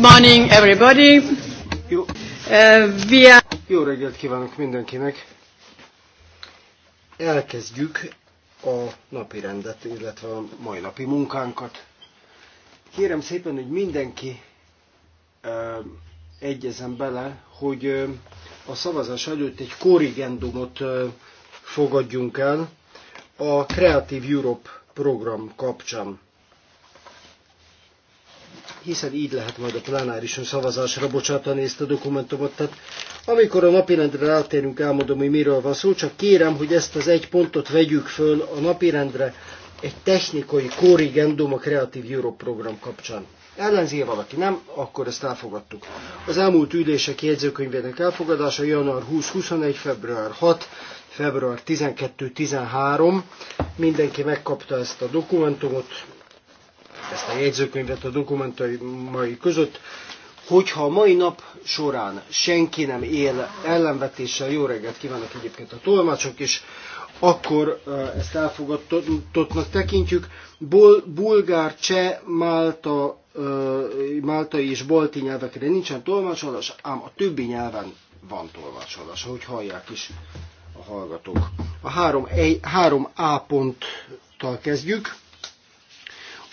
morning, everybody. Jó. Uh, Jó reggelt kívánok mindenkinek. Elkezdjük a napi rendet, illetve a mai napi munkánkat. Kérem szépen, hogy mindenki uh, egyezem bele, hogy uh, a szavazás előtt egy korrigendumot uh, fogadjunk el a Creative Europe program kapcsán hiszen így lehet majd a plenárison szavazásra bocsátani ezt a dokumentumot. Tehát amikor a napirendre rátérünk, elmondom, hogy miről van szó, csak kérem, hogy ezt az egy pontot vegyük föl a napirendre egy technikai korrigendum a Creative Europe program kapcsán. Ellenzi valaki nem, akkor ezt elfogadtuk. Az elmúlt ülések jegyzőkönyvének elfogadása január 20-21, február 6, február 12-13. Mindenki megkapta ezt a dokumentumot, ezt a jegyzőkönyvet a dokumentumai között, hogyha a mai nap során senki nem él ellenvetéssel, jó reggelt kívánok egyébként a tolmácsok is, akkor ezt elfogadottnak tekintjük. Bol, bulgár, cseh, málta, máltai és balti nyelvekre nincsen tolmácsolás, ám a többi nyelven van tolmácsolás, ahogy hallják is a hallgatók. A 3A ponttal kezdjük.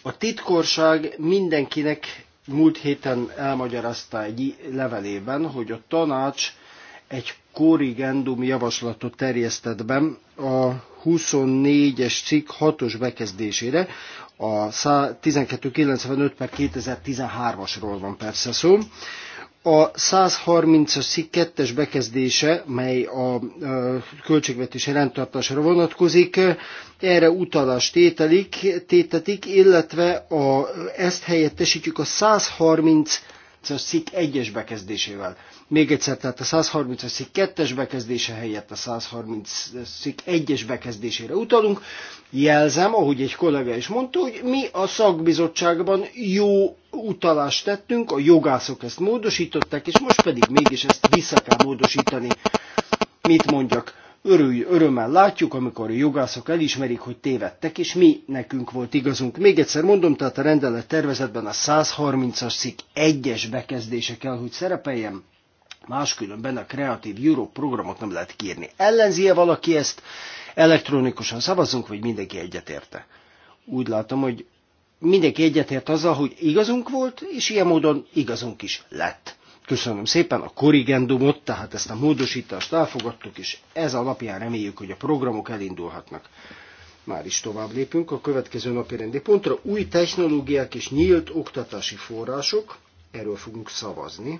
A titkorság mindenkinek múlt héten elmagyarázta egy levelében, hogy a tanács egy korrigendum javaslatot terjesztett be a 24-es cikk 6-os bekezdésére, a 1295 per 2013-asról van persze szó, a 132-es cikk 2 bekezdése, mely a költségvetési rendtartásra vonatkozik, erre utalást tételik, tétetik, illetve a, ezt helyettesítjük a 130-as cikk 1-es bekezdésével. Még egyszer, tehát a 130-as szik 2-es bekezdése helyett a 130 szik 1-es bekezdésére utalunk. Jelzem, ahogy egy kollega is mondta, hogy mi a szakbizottságban jó utalást tettünk, a jogászok ezt módosították, és most pedig mégis ezt vissza kell módosítani. Mit mondjak? örülj, örömmel látjuk, amikor a jogászok elismerik, hogy tévedtek, és mi nekünk volt igazunk. Még egyszer mondom, tehát a rendelet tervezetben a 130-as szik 1-es bekezdése kell, hogy szerepeljen. Máskülönben a Creative Europe programot nem lehet kírni. Ellenzi-e valaki ezt? Elektronikusan szavazunk, vagy mindenki egyetérte? Úgy látom, hogy mindenki egyetért azzal, hogy igazunk volt, és ilyen módon igazunk is lett. Köszönöm szépen a korrigendumot, tehát ezt a módosítást elfogadtuk, és ez alapján reméljük, hogy a programok elindulhatnak. Már is tovább lépünk a következő napi rendi pontra. Új technológiák és nyílt oktatási források, erről fogunk szavazni.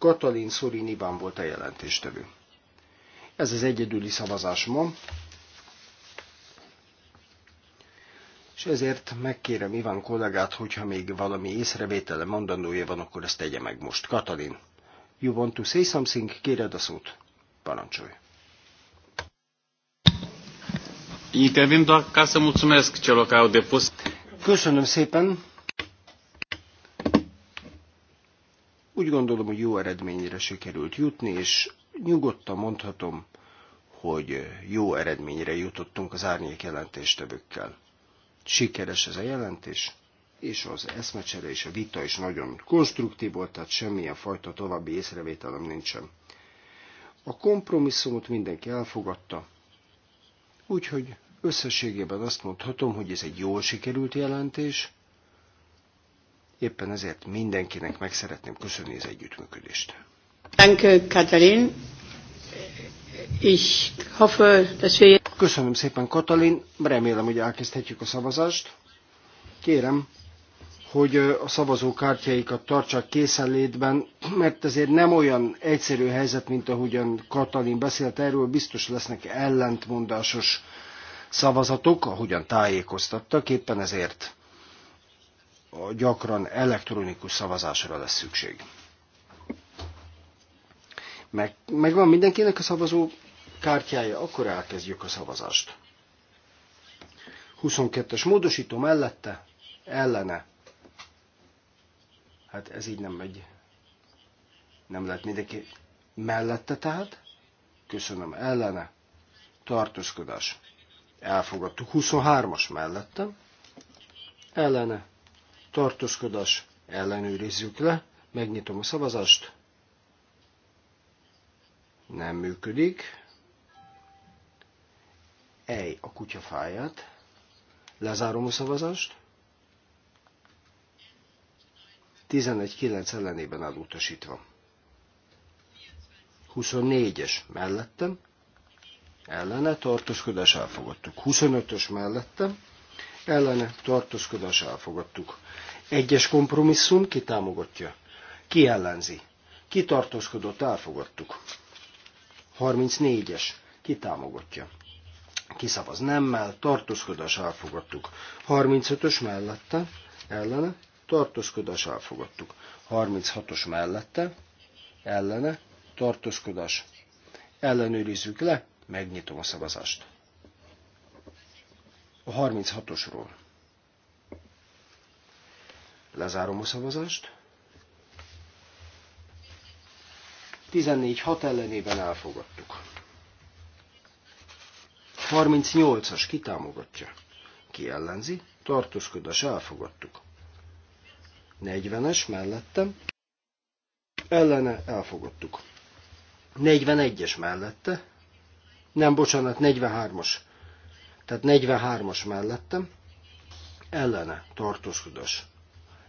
Katalin Szorin Iván volt a jelentéstevő. Ez az egyedüli szavazás ma, és ezért megkérem Iván kollégát, hogyha még valami észrevétele mondandója van, akkor ezt tegye meg most. Katalin, you want to say something? Kéred a szót? Parancsolj! Intervin doar ca să mulțumesc celor care au depus. Köszönöm szépen! Úgy gondolom, hogy jó eredményre sikerült jutni, és nyugodtan mondhatom, hogy jó eredményre jutottunk az árnyék jelentéstevőkkel. Sikeres ez a jelentés, és az eszmecsere és a vita is nagyon konstruktív volt, tehát semmilyen fajta további észrevételem nincsen. A kompromisszumot mindenki elfogadta, úgyhogy összességében azt mondhatom, hogy ez egy jól sikerült jelentés, Éppen ezért mindenkinek meg szeretném köszönni az együttműködést. Danke, Katalin. Ich hoffe, dass wir... Köszönöm szépen, Katalin. Remélem, hogy elkezdhetjük a szavazást. Kérem, hogy a szavazókártyáikat tartsák készenlétben, mert ezért nem olyan egyszerű helyzet, mint ahogyan Katalin beszélt erről, biztos lesznek ellentmondásos szavazatok, ahogyan tájékoztattak, éppen ezért gyakran elektronikus szavazásra lesz szükség. Meg, megvan mindenkinek a szavazó kártyája, akkor elkezdjük a szavazást. 22-es módosító mellette, ellene. Hát ez így nem megy. Nem lehet mindenki mellette tehát. Köszönöm, ellene. Tartózkodás. Elfogadtuk. 23-as mellette. Ellene tartózkodás, ellenőrizzük le, megnyitom a szavazást, nem működik, ej a kutyafáját, lezárom a szavazást, 11.9 9 ellenében elutasítva. 24-es mellettem, ellene tartózkodás elfogadtuk. 25-ös mellettem, ellene tartózkodás elfogadtuk. Egyes kompromisszum ki támogatja? Ki ellenzi? Ki tartózkodott elfogadtuk? 34-es ki támogatja? Kiszavaz nemmel, tartózkodás elfogadtuk. 35-ös mellette, ellene, tartózkodás elfogadtuk. 36-os mellette, ellene, tartózkodás. Ellenőrizzük le, megnyitom a szavazást a 36-osról. Lezárom a szavazást. 14-6 ellenében elfogadtuk. 38-as kitámogatja. Ki ellenzi? Tartózkodás elfogadtuk. 40-es mellettem. Ellene elfogadtuk. 41-es mellette. Nem, bocsánat, 43-as tehát 43-as mellettem, ellene tartózkodás.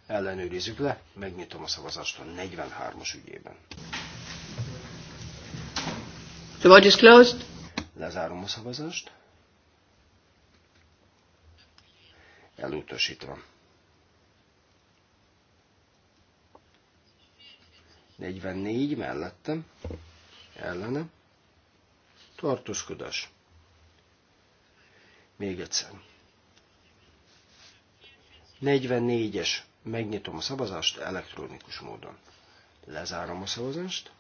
Ellenőrizzük le, megnyitom a szavazást a 43-as ügyében. The vote is closed. Lezárom a szavazást. Elutasítva. 44 mellettem, ellene, tartózkodás még egyszer. 44-es. Megnyitom a szavazást elektronikus módon. Lezárom a szavazást.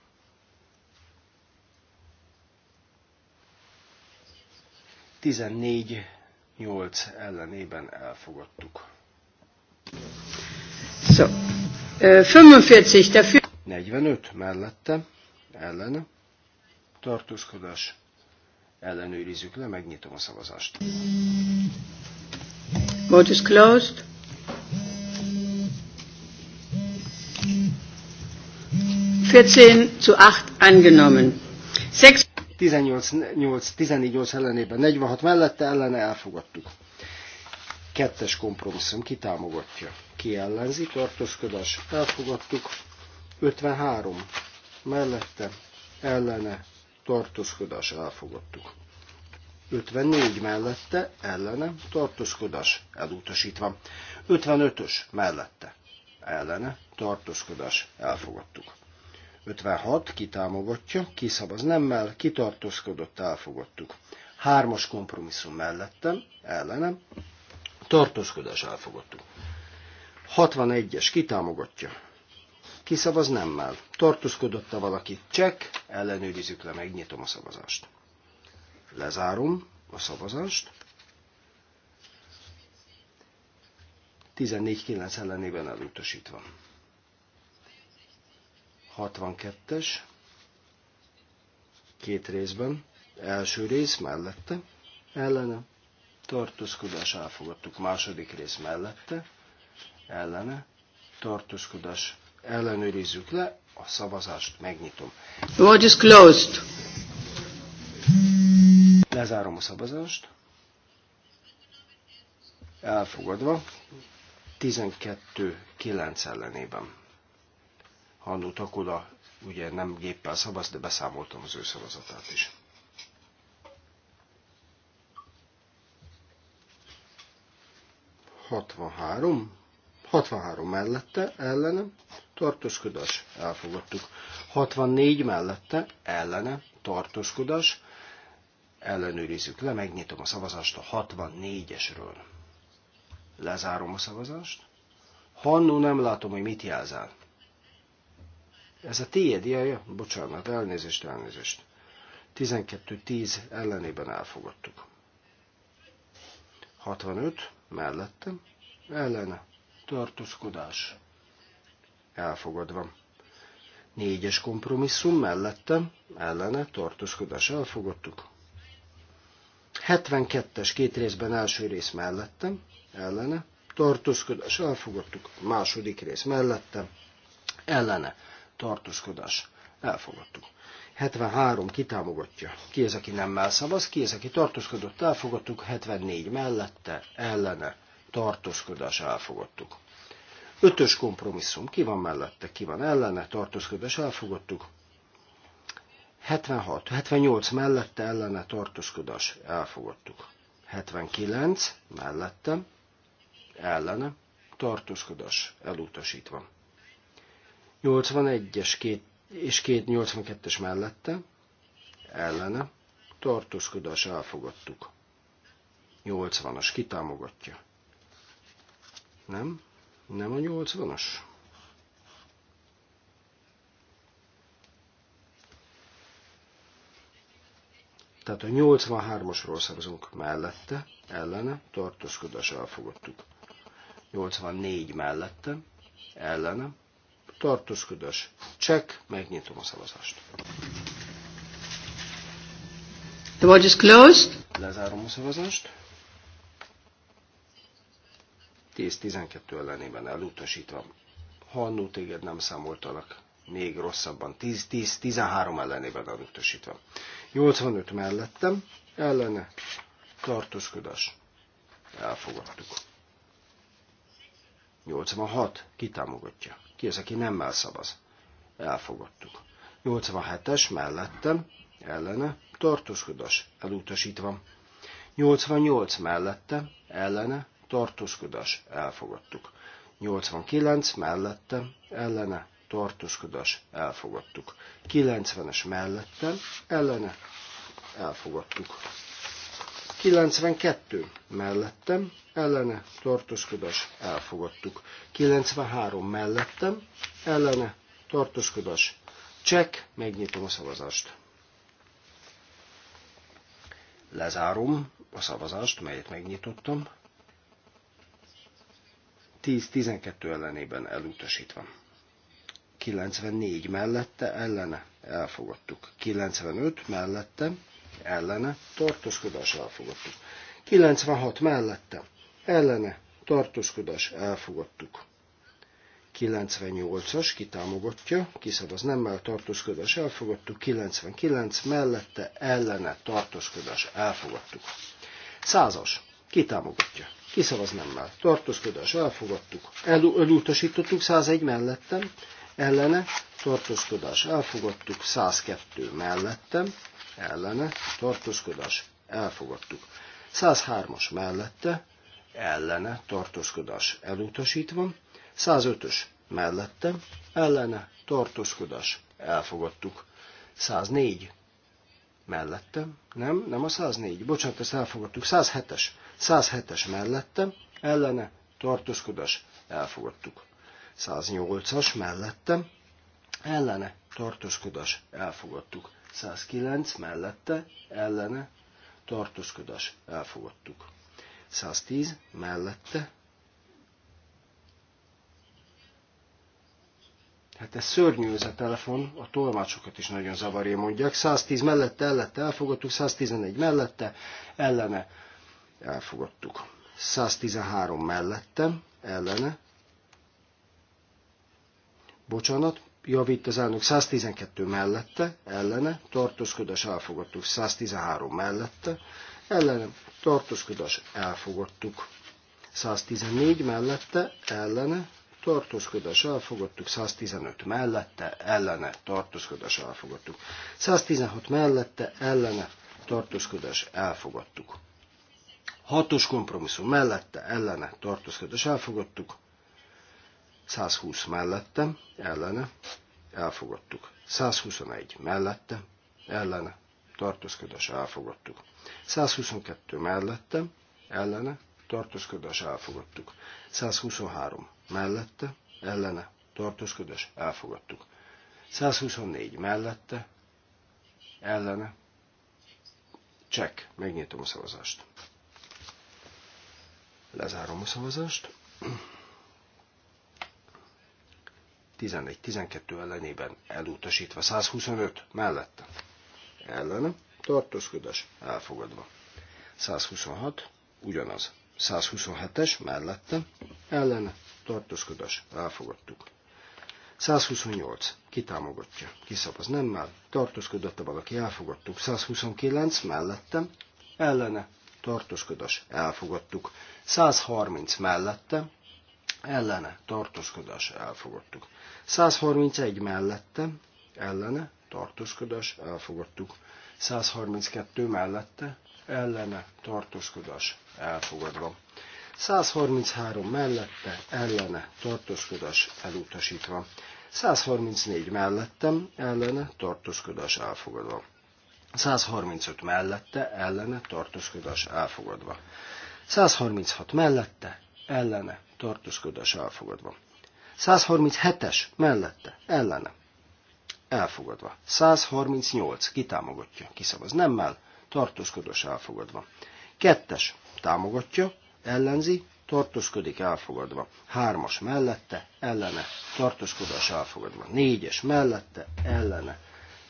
Tizennégy nyolc ellenében elfogadtuk. So, 45 45 mellette, ellene, tartózkodás ellenőrizzük le, megnyitom a szavazást. Vote is closed. zu 8 angenommen. 6 18-8 ellenében 46 mellette ellene elfogadtuk. Kettes kompromisszum kitámogatja. Ki ellenzi, tartózkodás elfogadtuk. 53 mellette ellene tartózkodás elfogadtuk. 54 mellette, ellene, tartózkodás elutasítva. 55-ös mellette, ellene, tartózkodás elfogadtuk. 56 kitámogatja, kiszavaz nemmel, kitartózkodott, elfogadtuk. Hármas kompromisszum mellettem, ellenem, tartózkodás elfogadtuk. 61-es kitámogatja, ki szavaz nemmel. Tartózkodott-e valaki? Csek. Ellenőrizzük le, megnyitom a szavazást. Lezárom a szavazást. 14-9 ellenében elutasítva. 62-es. Két részben. Első rész mellette. Ellene. Tartózkodás elfogadtuk. Második rész mellette. Ellene. Tartózkodás ellenőrizzük le, a szavazást megnyitom. The vote is closed. Lezárom a szavazást. Elfogadva. 12-9 ellenében. Hannu Takula ugye nem géppel szavaz, de beszámoltam az ő szavazatát is. Hatvanhárom 63 mellette, ellenem, tartózkodás, elfogadtuk. 64 mellette, ellene, tartózkodás, ellenőrizzük le, megnyitom a szavazást a 64-esről. Lezárom a szavazást. Hannu, nem látom, hogy mit jelzel. Ez a tiéd, jaja? Bocsánat, elnézést, elnézést. 12-10 ellenében elfogadtuk. 65 mellettem, ellene tartózkodás elfogadva. Négyes kompromisszum mellette, ellene, tartózkodás elfogadtuk. 72-es két részben első rész mellettem, ellene, tartózkodás elfogadtuk, második rész mellettem, ellene, tartózkodás elfogadtuk. 73 kitámogatja. Ki az, aki nem szavaz, ki az, aki tartózkodott, elfogadtuk, 74 mellette, ellene, tartózkodás elfogadtuk. Ötös kompromisszum, ki van mellette, ki van ellene, tartózkodás elfogadtuk. 76, 78 mellette ellene tartózkodás elfogadtuk. 79 mellette ellene tartózkodás elutasítva. 81-es két, és 82 es mellette ellene tartózkodás elfogadtuk. 80-as kitámogatja nem? Nem a 80-as? Tehát a 83-asról szavazunk mellette, ellene, tartózkodás elfogadtuk. 84 mellette, ellene, tartózkodás, check, megnyitom a szavazást. The vote is closed. Lezárom a szavazást. 10-12 ellenében elutasítva. Ha annó téged nem számoltalak, még rosszabban, 10-13 ellenében elutasítva. 85 mellettem, ellene tartózkodás. Elfogadtuk. 86. Ki támogatja? Ki az, aki nem elszavaz? Elfogadtuk. 87-es mellettem, ellene, tartózkodás, elutasítva. 88 mellette, ellene, tartózkodás elfogadtuk. 89 mellette, ellene, tartózkodás elfogadtuk. 90-es mellette, ellene, elfogadtuk. 92 mellettem, ellene tartózkodás elfogadtuk. 93 mellettem, ellene tartózkodás csek, megnyitom a szavazást. Lezárom a szavazást, melyet megnyitottam. 10-12 ellenében elutasítva. 94 mellette ellene elfogadtuk. 95 mellette ellene tartózkodás elfogadtuk. 96 mellette ellene tartózkodás elfogadtuk. 98-as kitámogatja, kiszavaz nemmel tartózkodás elfogadtuk, 99 mellette ellene tartózkodás elfogadtuk. 100-as kitámogatja, kiszavaz nemmel. Tartózkodás elfogadtuk, El, elutasítottuk 101 mellettem, ellene tartózkodás elfogadtuk 102 mellettem, ellene tartózkodás elfogadtuk. 103-as mellette, ellene tartózkodás elutasítva, 105-ös mellette, ellene tartózkodás elfogadtuk. 104 mellettem, nem, nem a 104, bocsánat, ezt elfogadtuk, 107-es, 107-es mellettem, ellene, tartózkodás, elfogadtuk. 108-as mellettem, ellene, tartózkodás, elfogadtuk. 109 mellette, ellene, tartózkodás, elfogadtuk. 110 mellette, Hát ez szörnyű ez a telefon, a tolmácsokat is nagyon zavarja, mondják. 110 mellette, ellette elfogadtuk, 111 mellette, ellene elfogadtuk. 113 mellette, ellene. Bocsánat, javít az elnök 112 mellette, ellene, tartózkodás elfogadtuk 113 mellette, ellene, tartózkodás elfogadtuk 114 mellette, ellene, tartózkodás elfogadtuk, 115 mellette, ellene, tartózkodás elfogadtuk. 116 mellette, ellene, tartózkodás elfogadtuk. Hatos kompromisszum mellette, ellene, tartózkodás elfogadtuk. 120 mellette, ellene, elfogadtuk. 121 mellette, ellene, tartózkodás elfogadtuk. 122 mellette, ellene, tartózkodás elfogadtuk. 123 mellette, ellene, tartózkodás, elfogadtuk. 124 mellette, ellene, csekk, Megnyitom a szavazást. Lezárom a szavazást. 11-12 ellenében elutasítva. 125 mellette. Ellene. Tartózkodás. Elfogadva. 126. Ugyanaz. 127-es mellette. Ellene tartózkodás, elfogadtuk. 128. Kitámogatja. Kiszavaz már. Tartózkodatta valaki. Elfogadtuk. 129. Mellettem. Ellene. Tartózkodás. Elfogadtuk. 130. Mellette. Ellene. Tartózkodás. Elfogadtuk. 131. Mellette. Ellene. Tartózkodás. Elfogadtuk. 132. Mellette. Ellene. Tartózkodás. Elfogadva. 133 mellette, ellene, tartózkodás elutasítva. 134 mellettem, ellene, tartózkodás elfogadva. 135 mellette, ellene, tartózkodás elfogadva. 136 mellette, ellene, tartózkodás elfogadva. 137-es mellette, ellene, elfogadva. 138 kitámogatja, kiszavaz nemmel, tartózkodás elfogadva. es támogatja, ellenzi, tartózkodik elfogadva. Hármas mellette, ellene, tartózkodás elfogadva. Négyes mellette, ellene,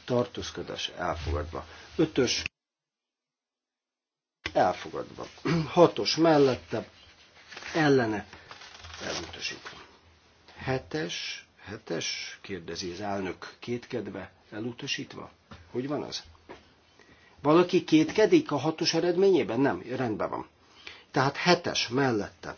tartózkodás elfogadva. Ötös elfogadva. Hatos mellette, ellene, elutasítva. Hetes, hetes, kérdezi az elnök kétkedve, elutasítva. Hogy van az? Valaki kétkedik a hatos eredményében? Nem, rendben van. Tehát hetes mellette.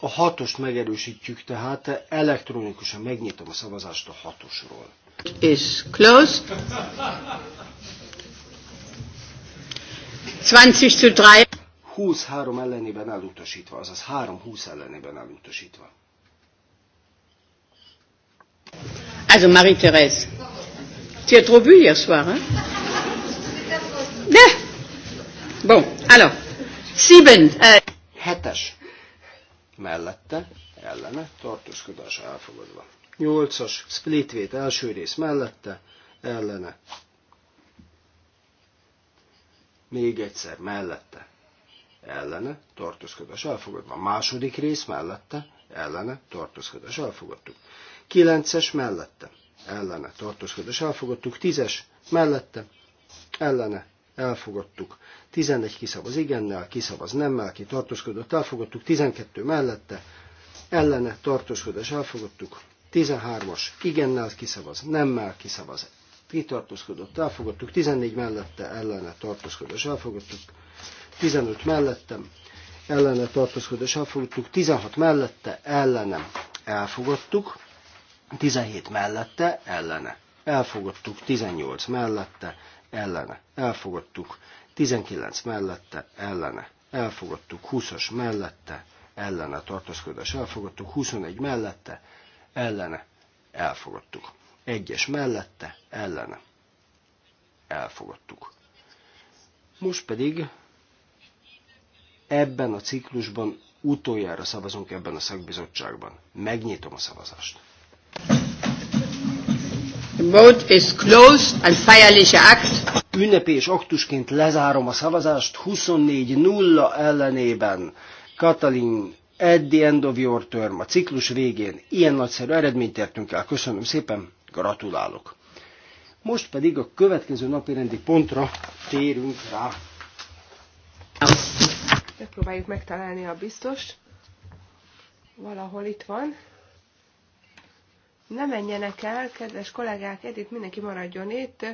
A hatost megerősítjük, tehát elektronikusan megnyitom a szavazást a hatosról. És closed. 20 3. 23 ellenében elutasítva, azaz 3-20 ellenében elutasítva. Also Marie-Thérèse. Tu as trop bu hier soir, hein De. Bon, alors. Sieben. Euh... Hetes. Mellette, ellene, tartózkodás elfogadva. Nyolcas, splitvét első rész mellette, ellene. Még egyszer, mellette, ellene, tartózkodás elfogadva. Második rész mellette, ellene, tartózkodás elfogadtuk. Kilences mellette, ellene És elfogadtuk, tízes mellette ellene elfogadtuk, tizenegy kiszavaz igennel, kiszavaz nemmel, ki tartózkodott, elfogadtuk, tizenkettő mellette ellene tartózkodás elfogadtuk, tizenhármas igennel kiszavaz, nemmel kiszavaz, tartózkodott, elfogadtuk, 14 mellette ellene tartózkodás elfogadtuk, 15 mellettem ellene tartózkodás elfogadtuk, 16 mellette ellenem elfogadtuk, 17 mellette, ellene. Elfogadtuk 18 mellette, ellene. Elfogadtuk 19 mellette, ellene. Elfogadtuk 20-as mellette, ellene tartózkodás. Elfogadtuk 21 mellette, ellene. Elfogadtuk. Egyes mellette, ellene. Elfogadtuk. Most pedig ebben a ciklusban utoljára szavazunk ebben a szakbizottságban. Megnyitom a szavazást. Vote is closed, ein feierlicher Akt. Ünnepés aktusként lezárom a szavazást 24-0 ellenében. Katalin, at the end of your term, a ciklus végén ilyen nagyszerű eredményt értünk el. Köszönöm szépen, gratulálok. Most pedig a következő napi rendi pontra térünk rá. Megpróbáljuk megtalálni a biztos. Valahol itt van. Ne menjenek el, kedves kollégák, Edith, mindenki maradjon itt,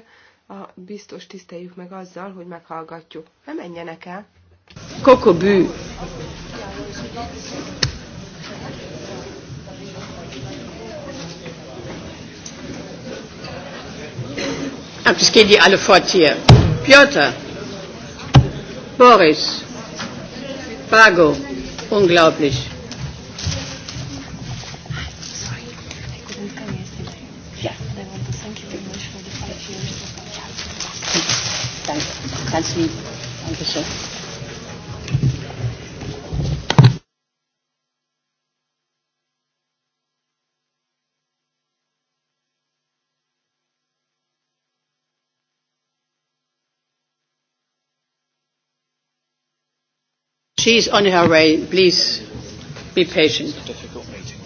a biztos tiszteljük meg azzal, hogy meghallgatjuk. Ne menjenek el. Kokobű. Ah, das geht die alle fort hier. Piotr, Boris, Pago, unglaublich. ganz lieb. Dankeschön. She's on her way. Please be patient. It's a difficult meeting.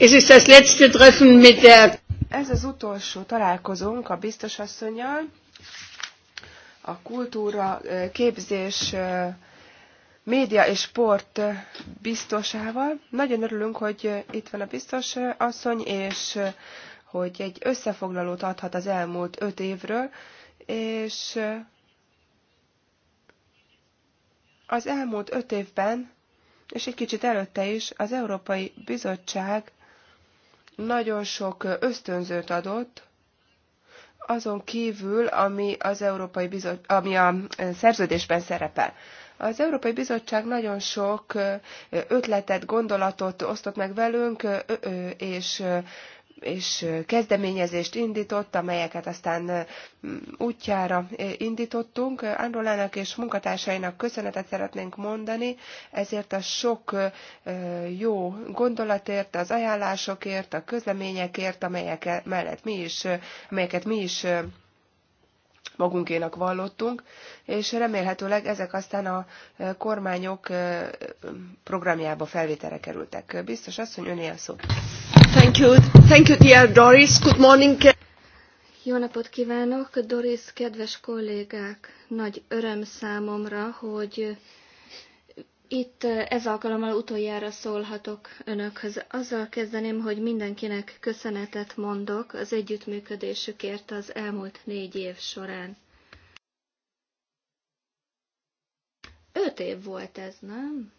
Es ist das letzte Treffen mit der Ez az utolsó találkozunk a biztosasszonyjal, a kultúra, képzés, média és sport biztosával. Nagyon örülünk, hogy itt van a biztos asszony, és hogy egy összefoglalót adhat az elmúlt öt évről, és az elmúlt öt évben, és egy kicsit előtte is, az Európai Bizottság nagyon sok ösztönzőt adott, azon kívül, ami az Európai Bizot, ami a szerződésben szerepel. Az Európai Bizottság nagyon sok ötletet, gondolatot osztott meg velünk, és és kezdeményezést indított, amelyeket aztán útjára indítottunk. Androlának és munkatársainak köszönetet szeretnénk mondani, ezért a sok jó gondolatért, az ajánlásokért, a közleményekért, amelyek mellett mi is, amelyeket mi is magunkénak vallottunk, és remélhetőleg ezek aztán a kormányok programjába felvételre kerültek. Biztos asszony, ön ilyen szó. Thank you. Thank you, dear Doris. Good morning. Jó napot kívánok, Doris, kedves kollégák! Nagy öröm számomra, hogy itt ez alkalommal utoljára szólhatok önökhöz. Azzal kezdeném, hogy mindenkinek köszönetet mondok az együttműködésükért az elmúlt négy év során. Öt év volt ez, nem?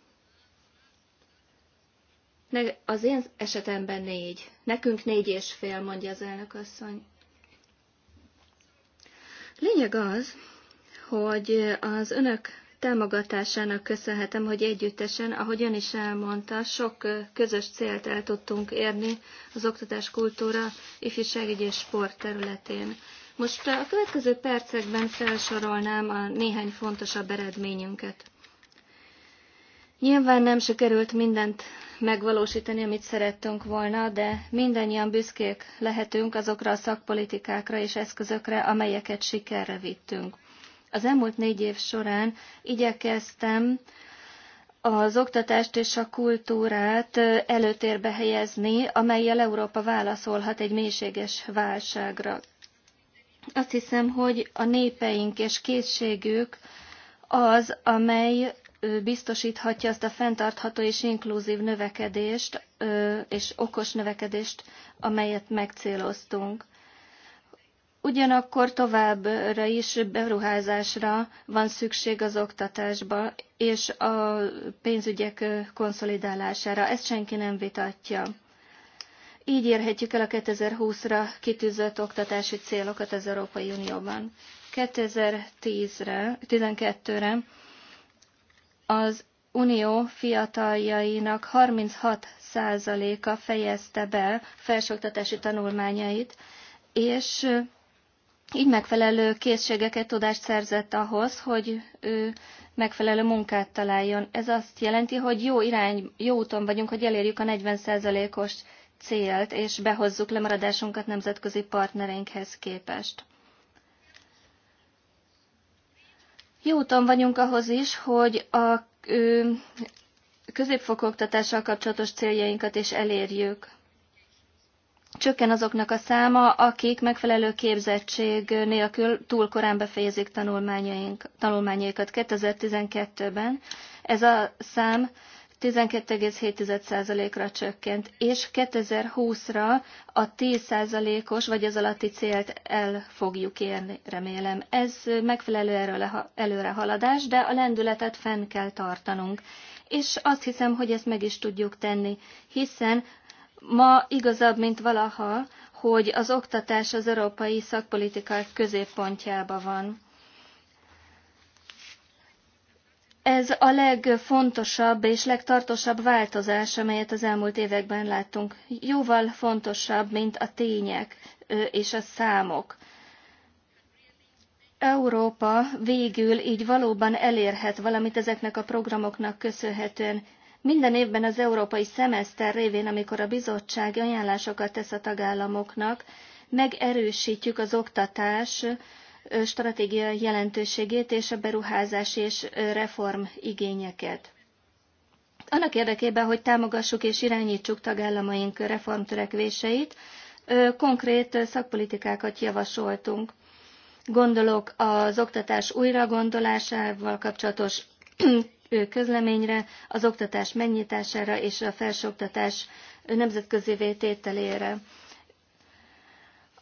Ne, az én esetemben négy. Nekünk négy és fél, mondja az elnök asszony. Lényeg az, hogy az önök támogatásának köszönhetem, hogy együttesen, ahogy ön is elmondta, sok közös célt el tudtunk érni az oktatás, kultúra, ifjúságügy és sport területén. Most a következő percekben felsorolnám a néhány fontosabb eredményünket. Nyilván nem sikerült mindent megvalósítani, amit szerettünk volna, de mindannyian büszkék lehetünk azokra a szakpolitikákra és eszközökre, amelyeket sikerre vittünk. Az elmúlt négy év során igyekeztem az oktatást és a kultúrát előtérbe helyezni, amelyel Európa válaszolhat egy mélységes válságra. Azt hiszem, hogy a népeink és készségük az, amely biztosíthatja azt a fenntartható és inkluzív növekedést és okos növekedést, amelyet megcéloztunk. Ugyanakkor továbbra is beruházásra van szükség az oktatásba és a pénzügyek konszolidálására. Ezt senki nem vitatja. Így érhetjük el a 2020-ra kitűzött oktatási célokat az Európai Unióban. 2010-re, re az Unió fiataljainak 36%-a fejezte be felsőoktatási tanulmányait, és így megfelelő készségeket, tudást szerzett ahhoz, hogy ő megfelelő munkát találjon. Ez azt jelenti, hogy jó irány, jó úton vagyunk, hogy elérjük a 40%-os célt, és behozzuk lemaradásunkat nemzetközi partnereinkhez képest. Jó úton vagyunk ahhoz is, hogy a ö, középfokoktatással kapcsolatos céljainkat is elérjük. Csökken azoknak a száma, akik megfelelő képzettség nélkül túl korán befejezik tanulmányaikat 2012-ben. Ez a szám 12,7%-ra csökkent, és 2020-ra a 10%-os vagy az alatti célt el fogjuk érni, remélem. Ez megfelelő előrehaladás, de a lendületet fenn kell tartanunk. És azt hiszem, hogy ezt meg is tudjuk tenni, hiszen Ma igazabb, mint valaha, hogy az oktatás az európai szakpolitikák középpontjában van. Ez a legfontosabb és legtartósabb változás, amelyet az elmúlt években láttunk. Jóval fontosabb, mint a tények és a számok. Európa végül így valóban elérhet valamit ezeknek a programoknak köszönhetően. Minden évben az európai szemeszter révén, amikor a bizottság ajánlásokat tesz a tagállamoknak, megerősítjük az oktatás stratégiai jelentőségét és a beruházás és reform igényeket. Annak érdekében, hogy támogassuk és irányítsuk tagállamaink reformtörekvéseit, konkrét szakpolitikákat javasoltunk. Gondolok az oktatás újragondolásával kapcsolatos közleményre, az oktatás megnyitására és a felsőoktatás nemzetközi tételére.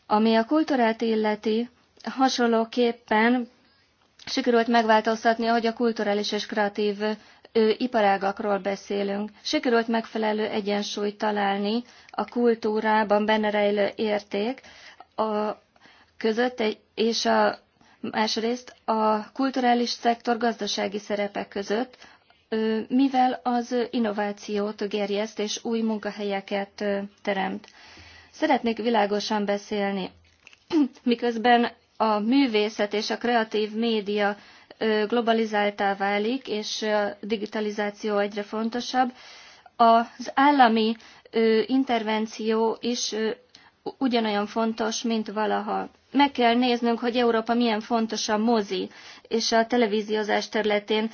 Ami a kultúrát illeti, hasonlóképpen sikerült megváltoztatni, hogy a kulturális és kreatív iparágakról beszélünk. Sikerült megfelelő egyensúlyt találni a kultúrában benne rejlő érték a között és a Másrészt a kulturális szektor gazdasági szerepe között, mivel az innovációt gerjeszt és új munkahelyeket teremt. Szeretnék világosan beszélni, miközben a művészet és a kreatív média globalizáltá válik, és a digitalizáció egyre fontosabb, az állami intervenció is ugyanolyan fontos, mint valaha. Meg kell néznünk, hogy Európa milyen fontos a mozi és a televíziózás területén.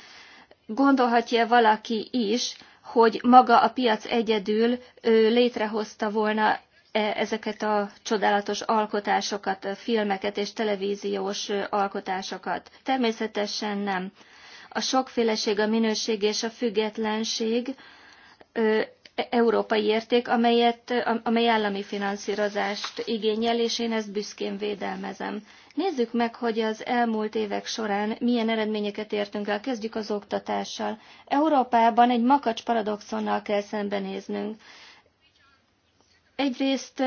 Gondolhatja valaki is, hogy maga a piac egyedül létrehozta volna e, ezeket a csodálatos alkotásokat, filmeket és televíziós alkotásokat. Természetesen nem. A sokféleség, a minőség és a függetlenség európai érték, amelyet, amely állami finanszírozást igényel, és én ezt büszkén védelmezem. Nézzük meg, hogy az elmúlt évek során milyen eredményeket értünk el. Kezdjük az oktatással. Európában egy makacs paradoxonnal kell szembenéznünk. Egyrészt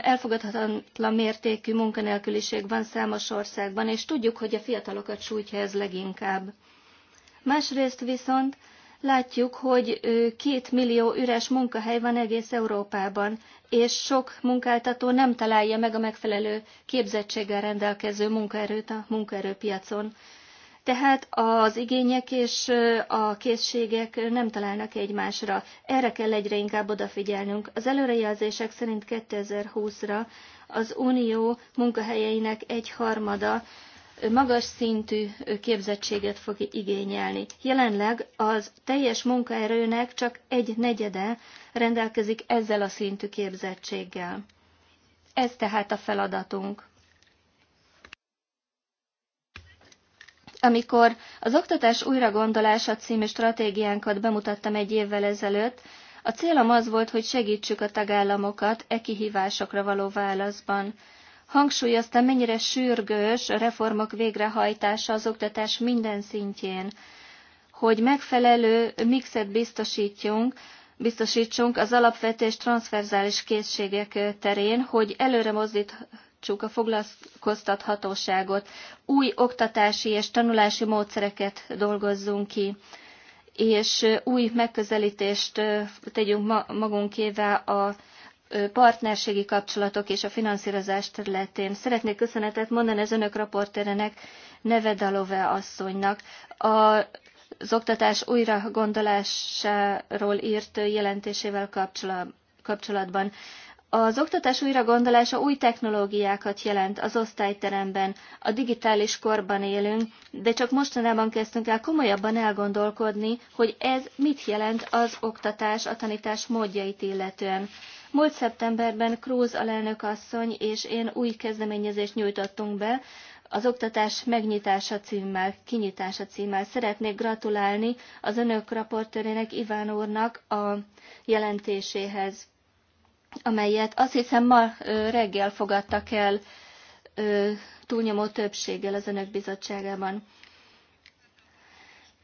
elfogadhatatlan mértékű munkanélküliség van számos országban, és tudjuk, hogy a fiatalokat sújtja ez leginkább. Másrészt viszont látjuk, hogy két millió üres munkahely van egész Európában, és sok munkáltató nem találja meg a megfelelő képzettséggel rendelkező munkaerőt a munkaerőpiacon. Tehát az igények és a készségek nem találnak egymásra. Erre kell egyre inkább odafigyelnünk. Az előrejelzések szerint 2020-ra az Unió munkahelyeinek egy harmada magas szintű képzettséget fog igényelni. Jelenleg az teljes munkaerőnek csak egy negyede rendelkezik ezzel a szintű képzettséggel. Ez tehát a feladatunk. Amikor az Oktatás újragondolása című stratégiánkat bemutattam egy évvel ezelőtt, a célom az volt, hogy segítsük a tagállamokat e kihívásokra való válaszban hangsúlyozta, mennyire sürgős a reformok végrehajtása az oktatás minden szintjén, hogy megfelelő mixet biztosítjunk, biztosítsunk az alapvető és transzferzális készségek terén, hogy előre mozdítsuk a foglalkoztathatóságot, új oktatási és tanulási módszereket dolgozzunk ki, és új megközelítést tegyünk magunkével a partnerségi kapcsolatok és a finanszírozás területén. Szeretnék köszönetet mondani az önök raportérenek, Nevedalove asszonynak. A az oktatás újra gondolásáról írt jelentésével kapcsolatban. Az oktatás újragondolása új technológiákat jelent az osztályteremben. A digitális korban élünk, de csak mostanában kezdtünk el komolyabban elgondolkodni, hogy ez mit jelent az oktatás, a tanítás módjait illetően. Múlt szeptemberben Krúz alelnök asszony és én új kezdeményezést nyújtottunk be, az oktatás megnyitása címmel, kinyitása címmel. Szeretnék gratulálni az önök raportőrének Iván úrnak a jelentéséhez, amelyet azt hiszem ma reggel fogadtak el túlnyomó többséggel az önök bizottságában.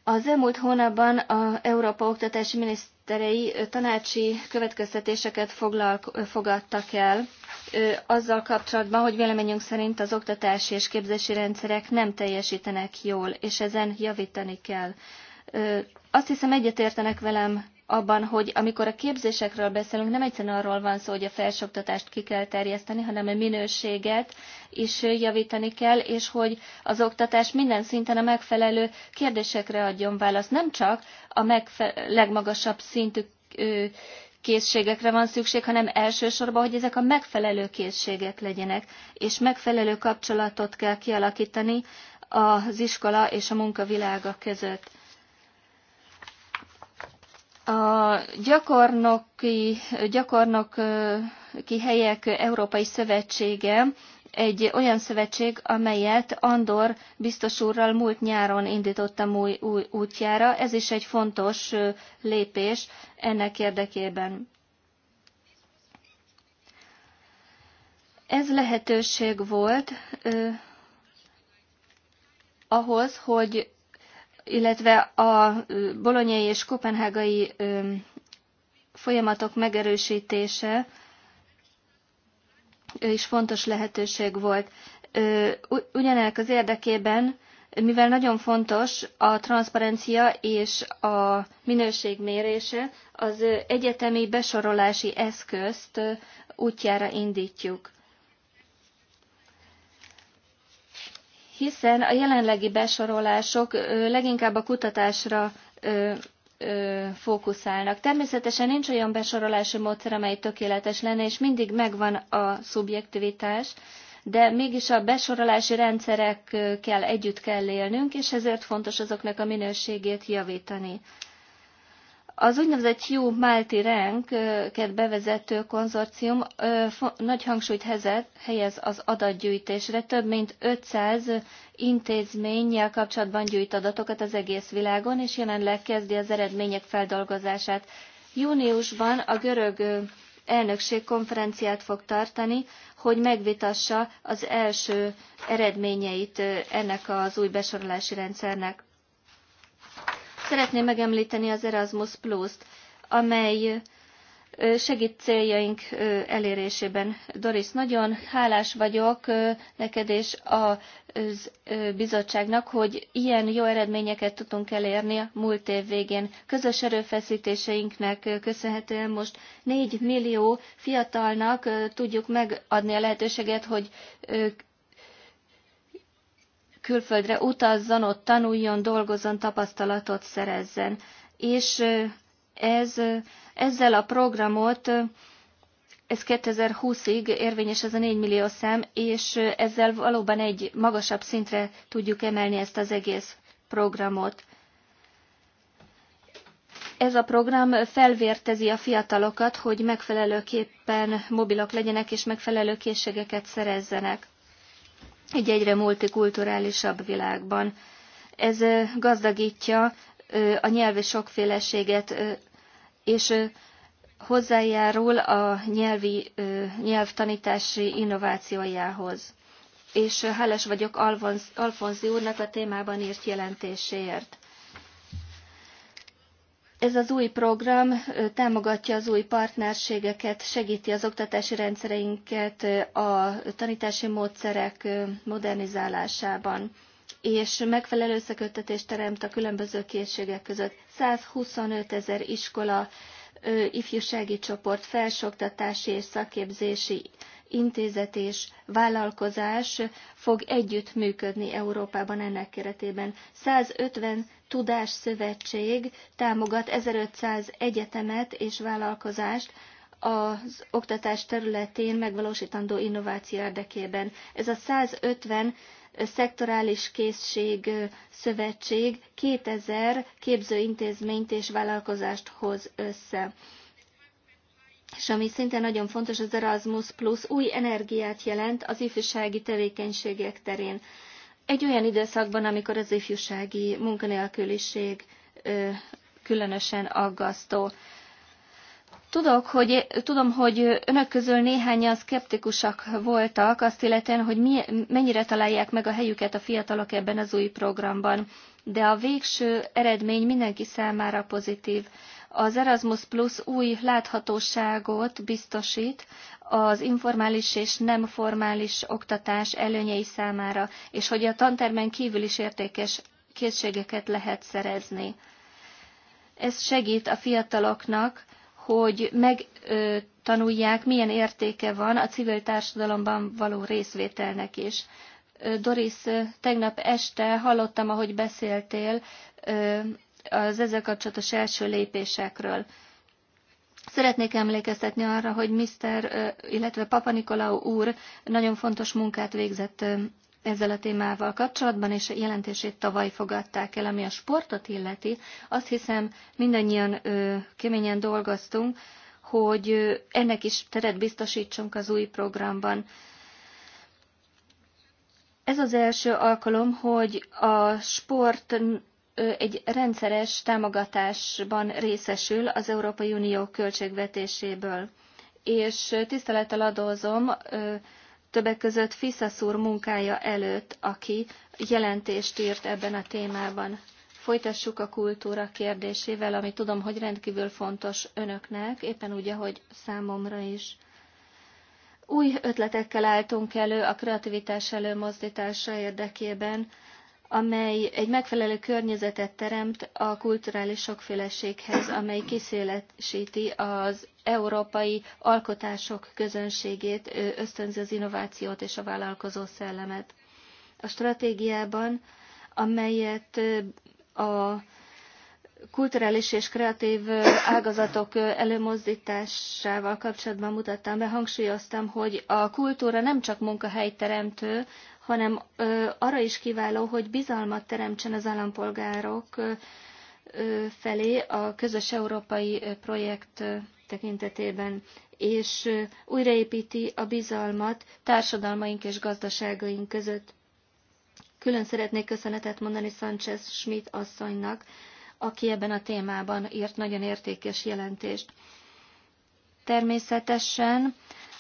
Az elmúlt hónapban a Európa Oktatási Minisztérium miniszterei tanácsi következtetéseket foglalk, fogadtak el azzal kapcsolatban, hogy véleményünk szerint az oktatási és képzési rendszerek nem teljesítenek jól, és ezen javítani kell. Azt hiszem egyetértenek velem abban, hogy amikor a képzésekről beszélünk, nem egyszerűen arról van szó, hogy a felsőoktatást ki kell terjeszteni, hanem a minőséget is javítani kell, és hogy az oktatás minden szinten a megfelelő kérdésekre adjon választ. Nem csak a legmagasabb szintű készségekre van szükség, hanem elsősorban, hogy ezek a megfelelő készségek legyenek, és megfelelő kapcsolatot kell kialakítani az iskola és a munkavilága között. A gyakornoki, gyakornoki helyek Európai Szövetsége egy olyan szövetség, amelyet Andor biztos úrral múlt nyáron indítottam új, új útjára. Ez is egy fontos lépés ennek érdekében. Ez lehetőség volt ö, ahhoz, hogy illetve a bolonyai és kopenhágai folyamatok megerősítése is fontos lehetőség volt. Ugyanek az érdekében, mivel nagyon fontos a transzparencia és a minőség mérése, az egyetemi besorolási eszközt útjára indítjuk. hiszen a jelenlegi besorolások leginkább a kutatásra fókuszálnak. Természetesen nincs olyan besorolási módszer, amely tökéletes lenne, és mindig megvan a szubjektivitás, de mégis a besorolási rendszerekkel együtt kell élnünk, és ezért fontos azoknak a minőségét javítani. Az úgynevezett Hugh Malti kert bevezető konzorcium nagy hangsúlyt helyez az adatgyűjtésre. Több mint 500 intézménnyel kapcsolatban gyűjt adatokat az egész világon, és jelenleg kezdi az eredmények feldolgozását. Júniusban a görög elnökség konferenciát fog tartani, hogy megvitassa az első eredményeit ennek az új besorolási rendszernek. Szeretném megemlíteni az Erasmus Plus-t, amely segít céljaink elérésében. Doris, nagyon hálás vagyok neked és a bizottságnak, hogy ilyen jó eredményeket tudunk elérni a múlt év végén. Közös erőfeszítéseinknek köszönhetően most 4 millió fiatalnak tudjuk megadni a lehetőséget, hogy külföldre utazzon, ott tanuljon, dolgozzon, tapasztalatot szerezzen. És ez, ezzel a programot, ez 2020-ig érvényes ez a 4 millió szám, és ezzel valóban egy magasabb szintre tudjuk emelni ezt az egész programot. Ez a program felvértezi a fiatalokat, hogy megfelelőképpen mobilok legyenek és megfelelő készségeket szerezzenek egy egyre multikulturálisabb világban. Ez gazdagítja a nyelvi sokféleséget, és hozzájárul a nyelvi, nyelvtanítási innovációjához. És hálás vagyok Alfonzi úrnak a témában írt jelentéséért. Ez az új program támogatja az új partnerségeket, segíti az oktatási rendszereinket a tanítási módszerek modernizálásában, és megfelelő összeköttetést teremt a különböző készségek között. 125 ezer iskola, ifjúsági csoport, felsőoktatási és szakképzési intézet és vállalkozás fog együtt működni Európában ennek keretében. 150 Tudásszövetség támogat 1500 egyetemet és vállalkozást az oktatás területén megvalósítandó innováció érdekében. Ez a 150 szektorális készség szövetség 2000 képzőintézményt és vállalkozást hoz össze. És ami szinte nagyon fontos, az Erasmus Plus új energiát jelent az ifjúsági tevékenységek terén egy olyan időszakban, amikor az ifjúsági munkanélküliség különösen aggasztó. Tudok, hogy, tudom, hogy önök közül néhányan szkeptikusak voltak azt illetően, hogy mi, mennyire találják meg a helyüket a fiatalok ebben az új programban, de a végső eredmény mindenki számára pozitív. Az Erasmus Plus új láthatóságot biztosít az informális és nem formális oktatás előnyei számára, és hogy a tantermen kívül is értékes készségeket lehet szerezni. Ez segít a fiataloknak, hogy megtanulják, milyen értéke van a civil társadalomban való részvételnek is. Doris, tegnap este hallottam, ahogy beszéltél az ezzel kapcsolatos első lépésekről. Szeretnék emlékeztetni arra, hogy Mr. illetve Papa Nikolau úr nagyon fontos munkát végzett ezzel a témával kapcsolatban, és a jelentését tavaly fogadták el, ami a sportot illeti. Azt hiszem, mindannyian ö, keményen dolgoztunk, hogy ö, ennek is teret biztosítsunk az új programban. Ez az első alkalom, hogy a sport egy rendszeres támogatásban részesül az Európai Unió költségvetéséből. És tisztelettel adózom többek között Fiszasz úr munkája előtt, aki jelentést írt ebben a témában. Folytassuk a kultúra kérdésével, ami tudom, hogy rendkívül fontos önöknek, éppen úgy, ahogy számomra is. Új ötletekkel álltunk elő a kreativitás előmozdítása érdekében, amely egy megfelelő környezetet teremt a kulturális sokféleséghez, amely kiszélesíti az európai alkotások közönségét, ösztönzi az innovációt és a vállalkozó szellemet. A stratégiában, amelyet a kulturális és kreatív ágazatok előmozdtásával kapcsolatban mutattam be, hangsúlyoztam, hogy a kultúra nem csak munkahelyteremtő, hanem arra is kiváló, hogy bizalmat teremtsen az állampolgárok felé a közös európai projekt tekintetében, és újraépíti a bizalmat társadalmaink és gazdaságaink között. Külön szeretnék köszönetet mondani Sanchez Schmidt asszonynak, aki ebben a témában írt nagyon értékes jelentést. Természetesen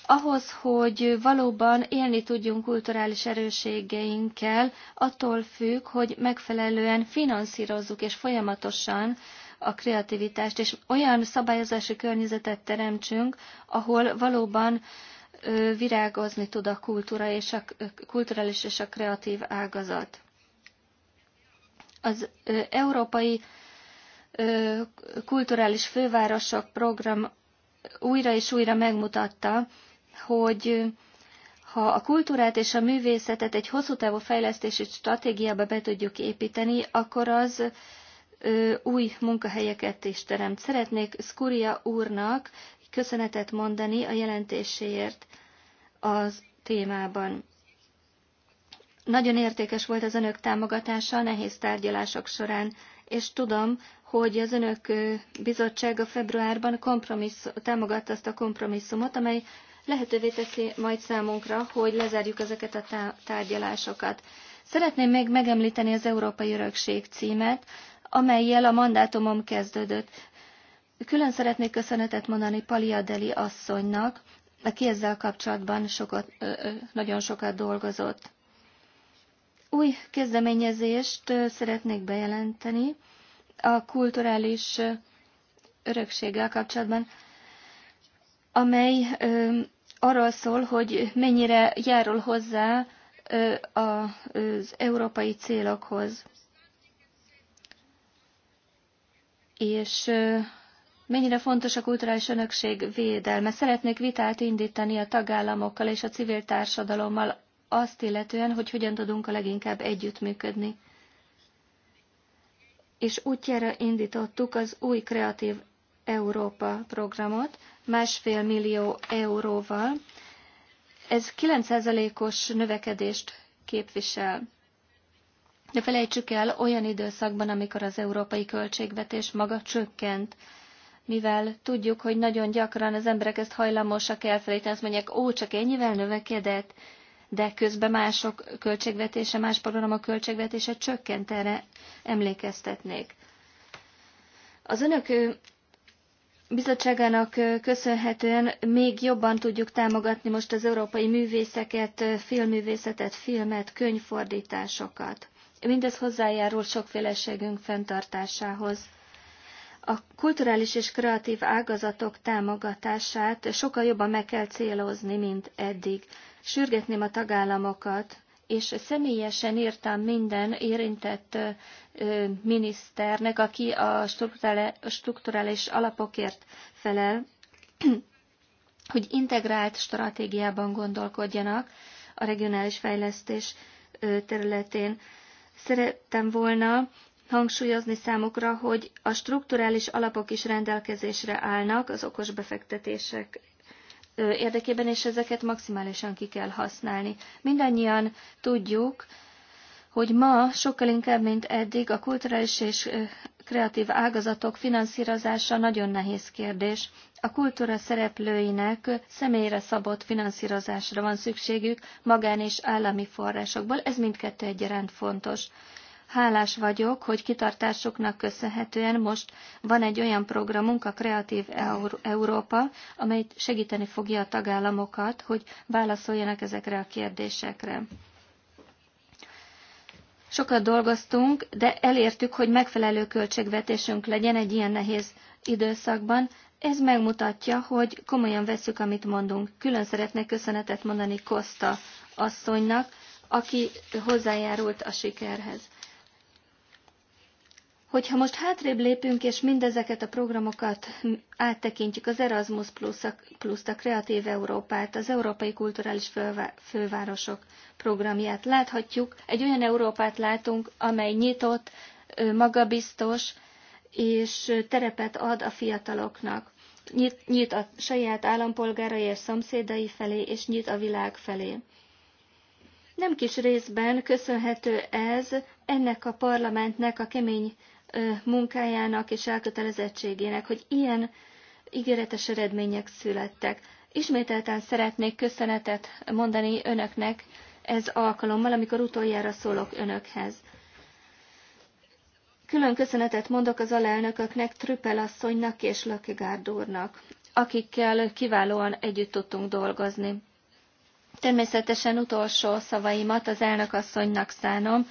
ahhoz, hogy valóban élni tudjunk kulturális erősségeinkkel, attól függ, hogy megfelelően finanszírozzuk és folyamatosan a kreativitást, és olyan szabályozási környezetet teremtsünk, ahol valóban virágozni tud a kultúra és a kulturális és a kreatív ágazat. Az európai kulturális fővárosok program újra és újra megmutatta, hogy ha a kultúrát és a művészetet egy hosszú távú fejlesztési stratégiába be tudjuk építeni, akkor az új munkahelyeket is teremt. Szeretnék Skuria úrnak köszönetet mondani a jelentéséért az témában. Nagyon értékes volt az önök támogatása a nehéz tárgyalások során és tudom, hogy az önök bizottsága februárban kompromissz, támogatta azt a kompromisszumot, amely lehetővé teszi majd számunkra, hogy lezárjuk ezeket a tárgyalásokat. Szeretném még megemlíteni az Európai Örökség címet, amelyel a mandátumom kezdődött. Külön szeretnék köszönetet mondani Paliadeli asszonynak, aki ezzel kapcsolatban sokat, nagyon sokat dolgozott. Új kezdeményezést szeretnék bejelenteni a kulturális örökséggel kapcsolatban, amely arról szól, hogy mennyire járul hozzá az európai célokhoz, és mennyire fontos a kulturális önökség védelme. Szeretnék vitát indítani a tagállamokkal és a civil társadalommal azt illetően, hogy hogyan tudunk a leginkább együttműködni. És útjára indítottuk az új Kreatív Európa programot másfél millió euróval. Ez 9%-os növekedést képvisel. De felejtsük el olyan időszakban, amikor az európai költségvetés maga csökkent, mivel tudjuk, hogy nagyon gyakran az emberek ezt hajlamosak elfelejteni, azt mondják, ó, csak ennyivel növekedett, de közben mások költségvetése, más programok költségvetése csökkent erre emlékeztetnék. Az önök bizottságának köszönhetően még jobban tudjuk támogatni most az európai művészeket, filmművészetet, filmet, könyvfordításokat. Mindez hozzájárul sokféleségünk fenntartásához. A kulturális és kreatív ágazatok támogatását sokkal jobban meg kell célozni, mint eddig sürgetném a tagállamokat, és személyesen írtam minden érintett miniszternek, aki a strukturális alapokért felel, hogy integrált stratégiában gondolkodjanak a regionális fejlesztés területén. Szerettem volna hangsúlyozni számukra, hogy a strukturális alapok is rendelkezésre állnak az okos befektetések érdekében, és ezeket maximálisan ki kell használni. Mindannyian tudjuk, hogy ma sokkal inkább, mint eddig a kulturális és kreatív ágazatok finanszírozása nagyon nehéz kérdés. A kultúra szereplőinek személyre szabott finanszírozásra van szükségük magán és állami forrásokból, ez mindkettő egyaránt fontos. Hálás vagyok, hogy kitartásoknak köszönhetően most van egy olyan programunk, a Kreatív Európa, amely segíteni fogja a tagállamokat, hogy válaszoljanak ezekre a kérdésekre. Sokat dolgoztunk, de elértük, hogy megfelelő költségvetésünk legyen egy ilyen nehéz időszakban. Ez megmutatja, hogy komolyan veszük, amit mondunk. Külön szeretnék köszönetet mondani Kosta asszonynak, aki hozzájárult a sikerhez. Hogyha most hátrébb lépünk, és mindezeket a programokat áttekintjük, az Erasmus plus a Kreatív Európát, az Európai Kulturális Fővárosok programját láthatjuk, egy olyan Európát látunk, amely nyitott, magabiztos, és terepet ad a fiataloknak. Nyit, nyit a saját állampolgárai és szomszédai felé, és nyit a világ felé. Nem kis részben köszönhető ez ennek a parlamentnek a kemény munkájának és elkötelezettségének, hogy ilyen ígéretes eredmények születtek. Ismételten szeretnék köszönetet mondani önöknek ez alkalommal, amikor utoljára szólok önökhez. Külön köszönetet mondok az alelnököknek, Trüppel asszonynak és Lökegárd úrnak, akikkel kiválóan együtt tudtunk dolgozni. Természetesen utolsó szavaimat az elnök asszonynak szánom,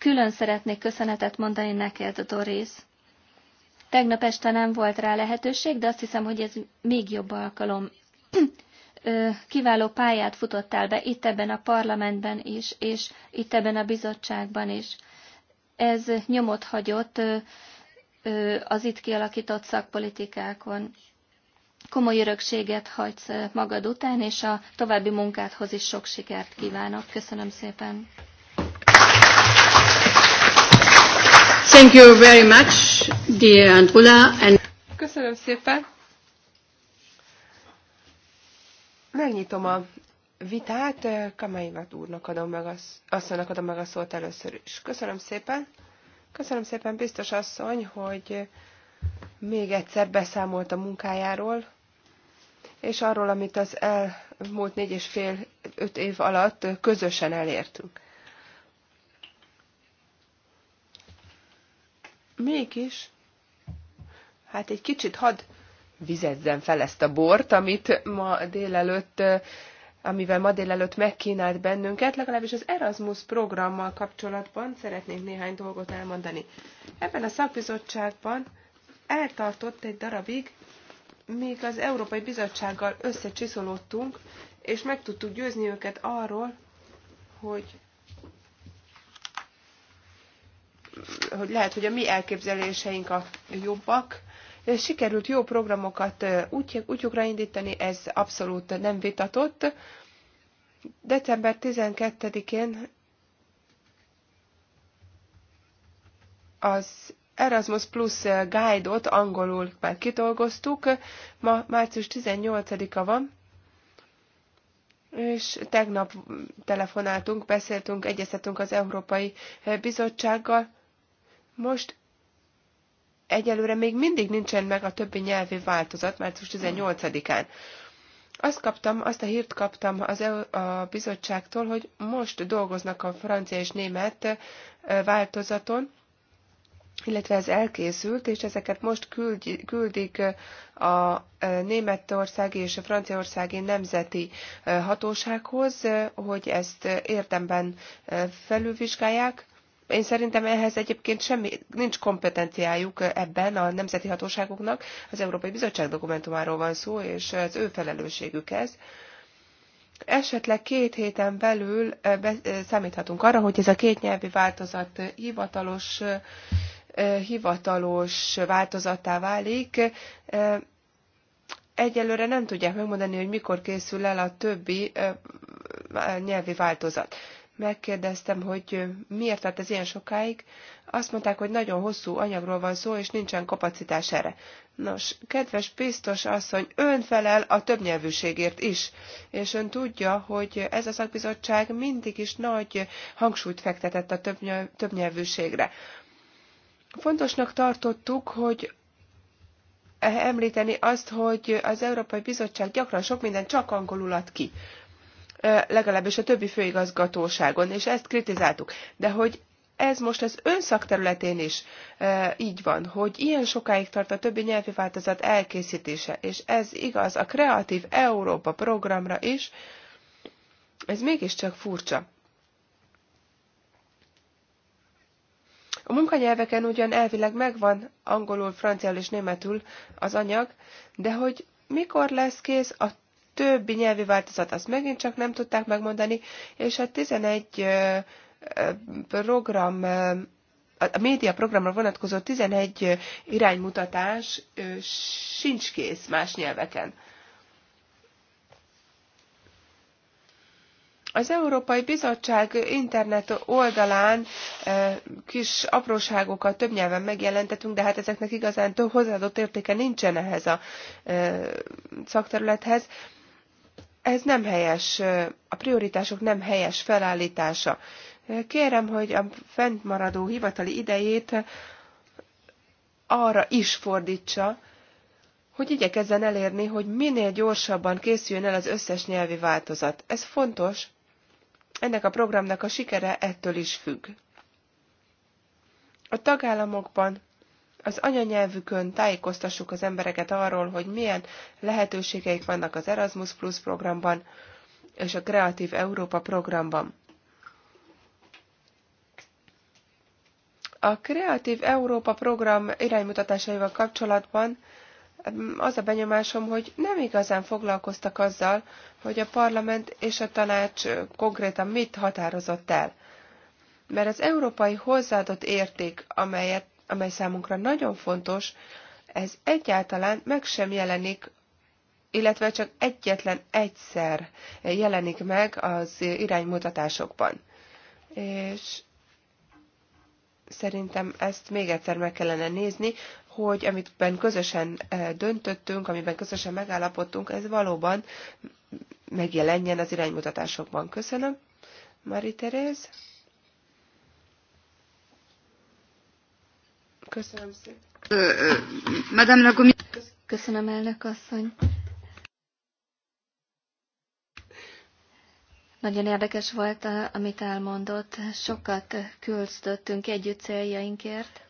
Külön szeretnék köszönetet mondani neked, Doris. Tegnap este nem volt rá lehetőség, de azt hiszem, hogy ez még jobb alkalom. Kiváló pályát futottál be itt ebben a parlamentben is, és itt ebben a bizottságban is. Ez nyomot hagyott az itt kialakított szakpolitikákon. Komoly örökséget hagysz magad után, és a további munkádhoz is sok sikert kívánok. Köszönöm szépen! Thank you very much, dear Andrula. And Köszönöm szépen. Megnyitom a vitát. Kamaivat úrnak adom meg, a, asszonynak adom meg a szót először is. Köszönöm szépen. Köszönöm szépen, biztos asszony, hogy még egyszer beszámolt a munkájáról, és arról, amit az elmúlt négy és fél, öt év alatt közösen elértünk. mégis, hát egy kicsit hadd vizezzen fel ezt a bort, amit ma délelőtt amivel ma délelőtt megkínált bennünket, legalábbis az Erasmus programmal kapcsolatban szeretnék néhány dolgot elmondani. Ebben a szakbizottságban eltartott egy darabig, míg az Európai Bizottsággal összecsiszolódtunk, és meg tudtuk győzni őket arról, hogy hogy lehet, hogy a mi elképzeléseink a jobbak, sikerült jó programokat útjukra indítani, ez abszolút nem vitatott. December 12-én az Erasmus Plus guide-ot angolul már kidolgoztuk, ma március 18-a van, és tegnap telefonáltunk, beszéltünk, egyeztetünk az Európai Bizottsággal, most egyelőre még mindig nincsen meg a többi nyelvi változat, március 18-án. Azt kaptam, azt a hírt kaptam az EU, a bizottságtól, hogy most dolgoznak a francia és német változaton, illetve ez elkészült, és ezeket most küld, küldik a németországi és a franciaországi nemzeti hatósághoz, hogy ezt érdemben felülvizsgálják. Én szerintem ehhez egyébként semmi, nincs kompetenciájuk ebben a nemzeti hatóságoknak. Az Európai Bizottság dokumentumáról van szó, és az ő felelősségük ez. Esetleg két héten belül eh, eh, számíthatunk arra, hogy ez a két nyelvi változat hivatalos, eh, hivatalos változattá válik. Egyelőre nem tudják megmondani, hogy mikor készül el a többi nyelvi változat megkérdeztem, hogy miért tart ez ilyen sokáig. Azt mondták, hogy nagyon hosszú anyagról van szó, és nincsen kapacitás erre. Nos, kedves biztos asszony, ön felel a többnyelvűségért is, és ön tudja, hogy ez a szakbizottság mindig is nagy hangsúlyt fektetett a többnyelvűségre. Fontosnak tartottuk, hogy említeni azt, hogy az Európai Bizottság gyakran sok minden csak angolul ad ki legalábbis a többi főigazgatóságon, és ezt kritizáltuk. De hogy ez most az ön szakterületén is e, így van, hogy ilyen sokáig tart a többi nyelvi változat elkészítése, és ez igaz a Kreatív Európa programra is, ez mégiscsak furcsa. A munkanyelveken ugyan elvileg megvan angolul, franciául és németül az anyag, de hogy mikor lesz kész a többi nyelvi változat azt megint csak nem tudták megmondani, és a 11 program a média programra vonatkozó 11 iránymutatás sincs kész más nyelveken. Az Európai Bizottság internet oldalán kis apróságokat több nyelven megjelentetünk, de hát ezeknek igazán hozzáadott értéke nincsen ehhez a szakterülethez ez nem helyes, a prioritások nem helyes felállítása. Kérem, hogy a fentmaradó hivatali idejét arra is fordítsa, hogy igyekezzen elérni, hogy minél gyorsabban készüljön el az összes nyelvi változat. Ez fontos, ennek a programnak a sikere ettől is függ. A tagállamokban az anyanyelvükön tájékoztassuk az embereket arról, hogy milyen lehetőségeik vannak az Erasmus Plus programban és a Kreatív Európa programban. A Kreatív Európa program iránymutatásaival kapcsolatban hát az a benyomásom, hogy nem igazán foglalkoztak azzal, hogy a parlament és a tanács konkrétan mit határozott el. Mert az európai hozzáadott érték, amelyet amely számunkra nagyon fontos, ez egyáltalán meg sem jelenik, illetve csak egyetlen egyszer jelenik meg az iránymutatásokban. És szerintem ezt még egyszer meg kellene nézni, hogy amiben közösen eh, döntöttünk, amiben közösen megállapodtunk, ez valóban megjelenjen az iránymutatásokban. Köszönöm. Marie-Thérèse? Köszönöm szépen. Köszönöm, elnök asszony. Nagyon érdekes volt, amit elmondott. Sokat küzdöttünk együtt céljainkért.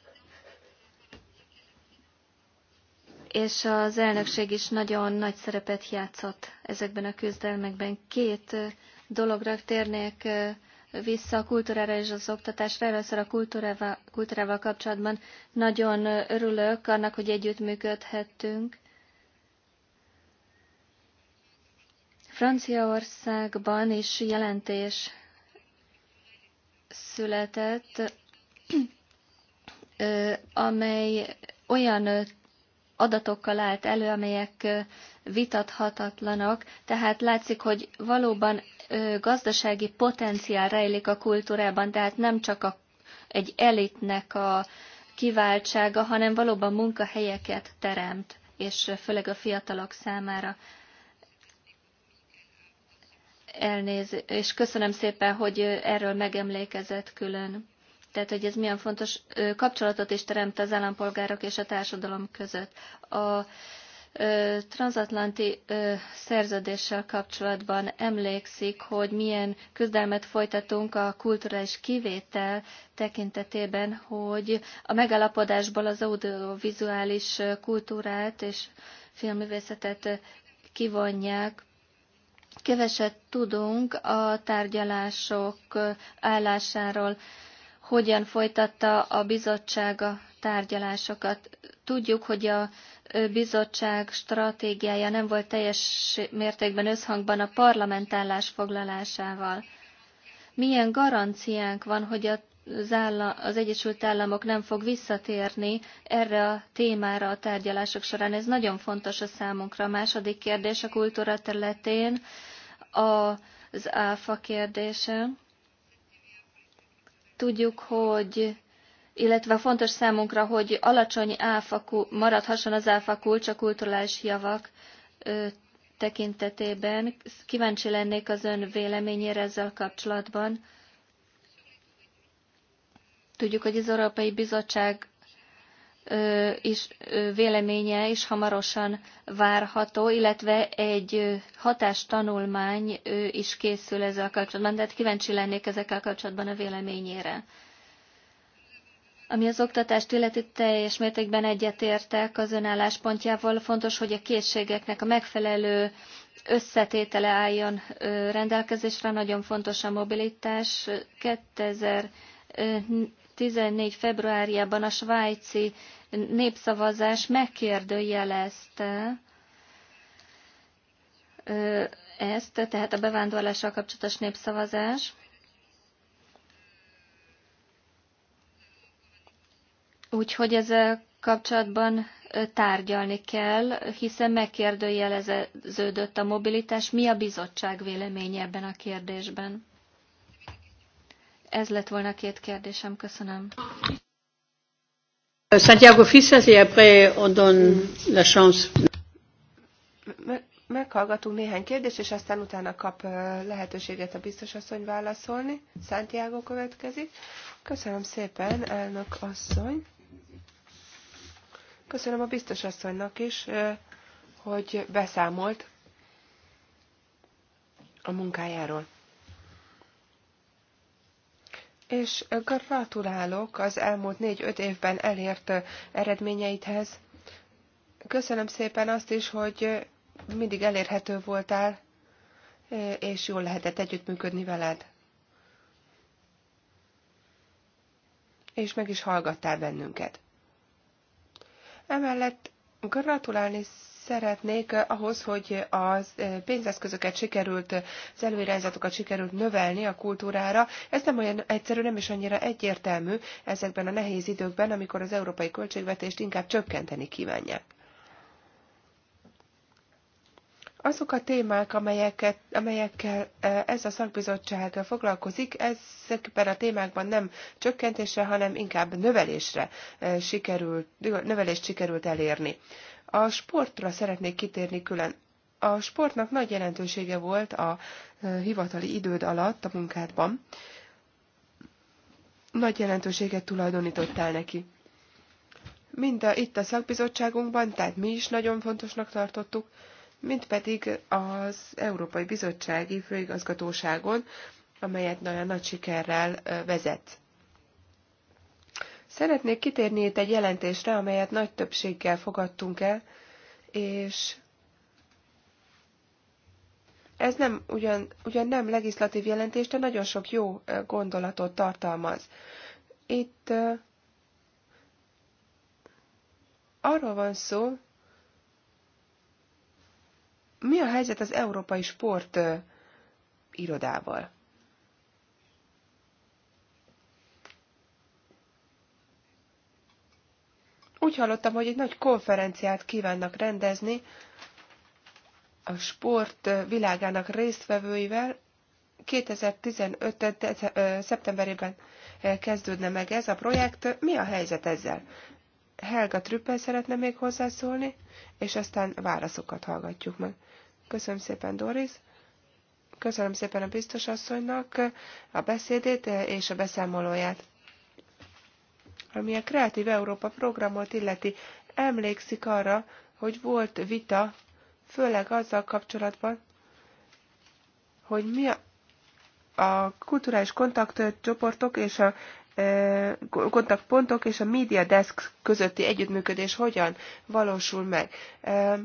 És az elnökség is nagyon nagy szerepet játszott ezekben a küzdelmekben. Két dologra térnék vissza a kultúrára és az oktatásra. Először a kultúrával, kultúrával kapcsolatban nagyon örülök annak, hogy együttműködhettünk. Franciaországban is jelentés született, amely olyan adatokkal állt elő, amelyek vitathatatlanak, tehát látszik, hogy valóban gazdasági potenciál rejlik a kultúrában, tehát nem csak a, egy elitnek a kiváltsága, hanem valóban munkahelyeket teremt, és főleg a fiatalok számára. Elnéz, és köszönöm szépen, hogy erről megemlékezett külön tehát hogy ez milyen fontos kapcsolatot is teremt az állampolgárok és a társadalom között. A transatlanti szerződéssel kapcsolatban emlékszik, hogy milyen küzdelmet folytatunk a kulturális kivétel tekintetében, hogy a megalapodásból az audiovizuális kultúrát és filmművészetet kivonják. Keveset tudunk a tárgyalások állásáról hogyan folytatta a bizottság a tárgyalásokat. Tudjuk, hogy a bizottság stratégiája nem volt teljes mértékben összhangban a parlament állásfoglalásával. Milyen garanciánk van, hogy a az, állam, az Egyesült Államok nem fog visszatérni erre a témára a tárgyalások során. Ez nagyon fontos a számunkra. A második kérdés a kultúra területén az áfa kérdése. Tudjuk, hogy illetve fontos számunkra, hogy alacsony áfa, maradhasson az áfa kulcs a kulturális javak tekintetében. Kíváncsi lennék az ön véleményére ezzel kapcsolatban. Tudjuk, hogy az Európai Bizottság is véleménye is hamarosan várható, illetve egy hatástanulmány is készül ezzel kapcsolatban, tehát kíváncsi lennék ezekkel kapcsolatban a véleményére. Ami az oktatást illeti, teljes mértékben egyetértek az önálláspontjával. Fontos, hogy a készségeknek a megfelelő összetétele álljon rendelkezésre. Nagyon fontos a mobilitás. 2000 2014. februárjában a svájci népszavazás megkérdőjelezte ezt, tehát a bevándorlással kapcsolatos népszavazás. Úgyhogy ezzel kapcsolatban tárgyalni kell, hiszen megkérdőjeleződött a mobilitás. Mi a bizottság véleménye ebben a kérdésben? Ez lett volna két kérdésem. Köszönöm. Euh, Santiago Fissas, et après on donne la chance. Meghallgatunk néhány kérdést, és aztán utána kap euh, lehetőséget a biztos asszony válaszolni. Santiago következik. Köszönöm szépen, elnök asszony. Köszönöm a biztos asszonynak is, euh, hogy beszámolt a munkájáról és gratulálok az elmúlt négy-öt évben elért eredményeidhez. Köszönöm szépen azt is, hogy mindig elérhető voltál, és jól lehetett együttműködni veled. És meg is hallgattál bennünket. Emellett gratulálni szeretnék ahhoz, hogy a pénzeszközöket sikerült, az előirányzatokat sikerült növelni a kultúrára. Ez nem olyan egyszerű, nem is annyira egyértelmű ezekben a nehéz időkben, amikor az európai költségvetést inkább csökkenteni kívánják azok a témák, amelyeket, amelyekkel ez a szakbizottság foglalkozik, ezekben a témákban nem csökkentésre, hanem inkább növelésre sikerült, növelést sikerült elérni. A sportra szeretnék kitérni külön. A sportnak nagy jelentősége volt a hivatali időd alatt a munkádban. Nagy jelentőséget tulajdonítottál neki. Mind a, itt a szakbizottságunkban, tehát mi is nagyon fontosnak tartottuk, mint pedig az Európai Bizottsági Főigazgatóságon, amelyet nagyon nagy sikerrel vezet. Szeretnék kitérni itt egy jelentésre, amelyet nagy többséggel fogadtunk el, és ez nem ugyan, ugyan nem legislatív jelentés, de nagyon sok jó gondolatot tartalmaz. Itt arról van szó, mi a helyzet az európai sport irodával. Úgy hallottam, hogy egy nagy konferenciát kívánnak rendezni a sport világának résztvevőivel. 2015. szeptemberében kezdődne meg ez a projekt. Mi a helyzet ezzel? Helga Trüppel szeretne még hozzászólni, és aztán válaszokat hallgatjuk meg. Köszönöm szépen, Doris! Köszönöm szépen a biztosasszonynak a beszédét és a beszámolóját. Ami a Kreatív Európa programot illeti, emlékszik arra, hogy volt vita, főleg azzal kapcsolatban, hogy mi a, a kulturális kontaktcsoportok és a e, kontaktpontok és a média desk közötti együttműködés hogyan valósul meg. E,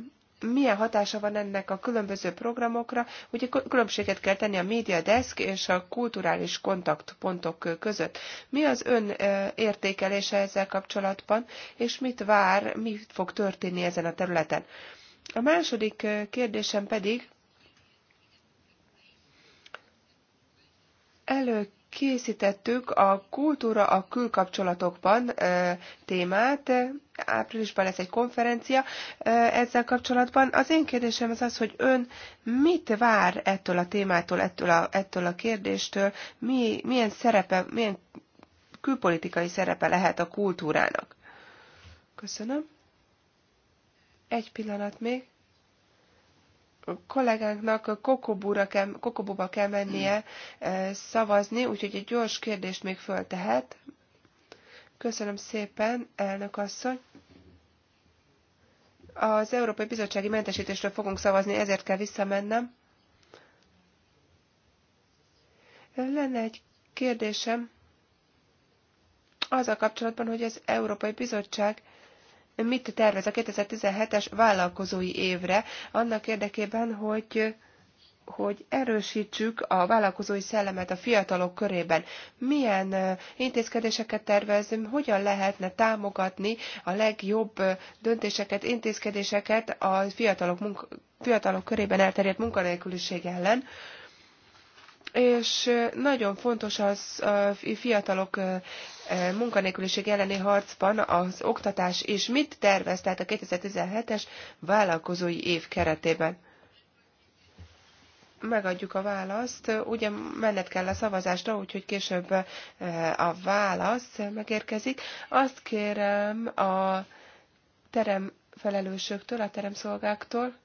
milyen hatása van ennek a különböző programokra. Ugye különbséget kell tenni a média desk és a kulturális kontaktpontok között. Mi az ön értékelése ezzel kapcsolatban, és mit vár, mi fog történni ezen a területen? A második kérdésem pedig elő készítettük a kultúra a külkapcsolatokban témát. Áprilisban lesz egy konferencia ezzel kapcsolatban. Az én kérdésem az az, hogy ön mit vár ettől a témától, ettől a, ettől a kérdéstől, mi, milyen szerepe, milyen külpolitikai szerepe lehet a kultúrának? Köszönöm. Egy pillanat még kollégánknak Kokobúra Kokobuba kell mennie szavazni, úgyhogy egy gyors kérdést még föltehet. Köszönöm szépen, elnök asszony. Az Európai Bizottsági Mentesítésről fogunk szavazni, ezért kell visszamennem. Lenne egy kérdésem az a kapcsolatban, hogy az Európai Bizottság mit tervez a 2017-es vállalkozói évre, annak érdekében, hogy hogy erősítsük a vállalkozói szellemet a fiatalok körében. Milyen intézkedéseket tervezünk, hogyan lehetne támogatni a legjobb döntéseket, intézkedéseket a fiatalok, munka, fiatalok körében elterjedt munkanélküliség ellen, és nagyon fontos az a fiatalok munkanélküliség elleni harcban az oktatás és Mit tervez tehát a 2017-es vállalkozói év keretében? Megadjuk a választ. Ugye menned kell a szavazásra, úgyhogy később a válasz megérkezik. Azt kérem a teremfelelősöktől, felelősöktől, a teremszolgáktól,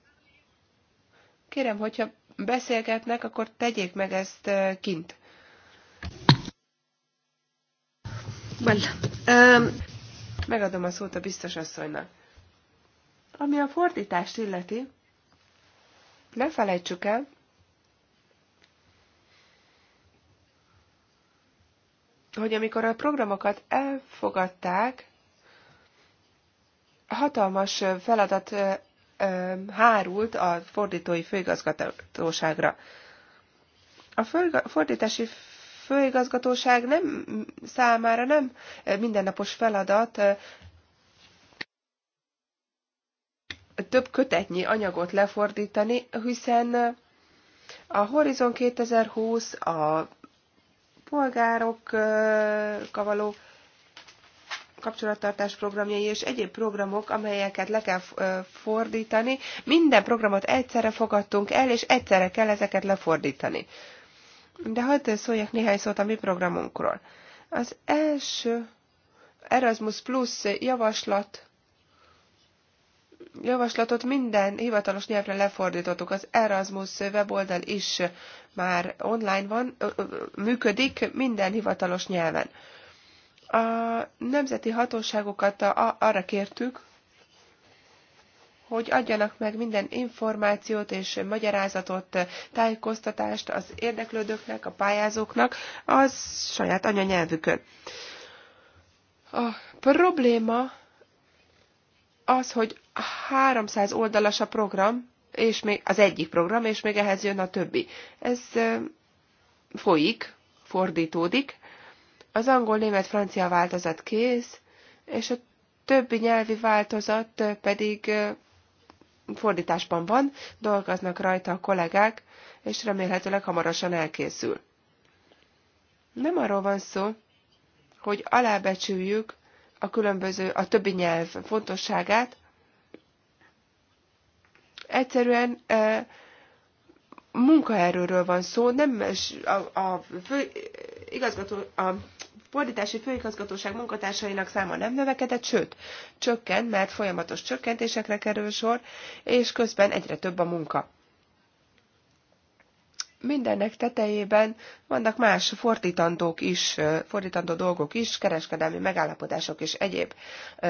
kérem, hogyha beszélgetnek, akkor tegyék meg ezt kint. Well, um... Megadom a szót a biztos asszonynak. Ami a fordítást illeti, ne felejtsük el, hogy amikor a programokat elfogadták, hatalmas feladat hárult a fordítói főigazgatóságra. A fordítási főigazgatóság nem számára nem mindennapos feladat több kötetnyi anyagot lefordítani, hiszen a Horizon 2020 a polgárokkal való kapcsolattartás programjai és egyéb programok, amelyeket le kell fordítani. Minden programot egyszerre fogadtunk el, és egyszerre kell ezeket lefordítani. De hadd szóljak néhány szót a mi programunkról. Az első Erasmus Plus javaslat javaslatot minden hivatalos nyelvre lefordítottuk. Az Erasmus weboldal is már online van, működik minden hivatalos nyelven. A nemzeti hatóságokat arra kértük, hogy adjanak meg minden információt és magyarázatot, tájékoztatást az érdeklődőknek, a pályázóknak az saját anyanyelvükön. A probléma az, hogy 300 oldalas a program, és még az egyik program, és még ehhez jön a többi. Ez folyik, fordítódik, az angol, német, francia változat kész, és a többi nyelvi változat pedig fordításban van, dolgoznak rajta a kollégák, és remélhetőleg hamarosan elkészül. Nem arról van szó, hogy alábecsüljük a különböző, a többi nyelv fontosságát, egyszerűen e, munkaerőről van szó, nem a, a a igazgató, a fordítási főigazgatóság munkatársainak száma nem növekedett, sőt, csökkent, mert folyamatos csökkentésekre kerül sor, és közben egyre több a munka. Mindennek tetejében vannak más fordítandók is, fordítandó dolgok is, kereskedelmi megállapodások és egyéb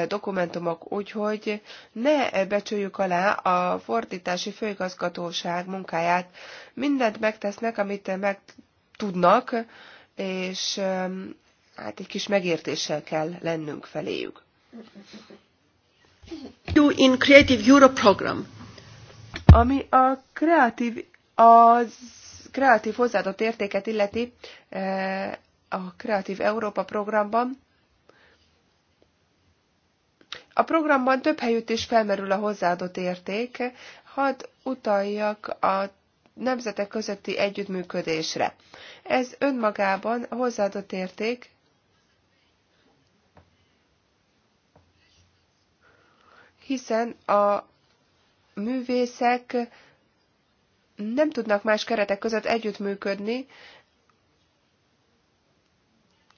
dokumentumok, úgyhogy ne becsüljük alá a fordítási főigazgatóság munkáját. Mindent megtesznek, amit meg tudnak, és hát egy kis megértéssel kell lennünk feléjük. In Creative Europe program. Ami a kreatív, az kreatív hozzáadott értéket illeti eh, a Kreatív Európa programban, a programban több helyütt is felmerül a hozzáadott érték, hadd utaljak a nemzetek közötti együttműködésre. Ez önmagában hozzáadott érték, hiszen a művészek nem tudnak más keretek között együttműködni,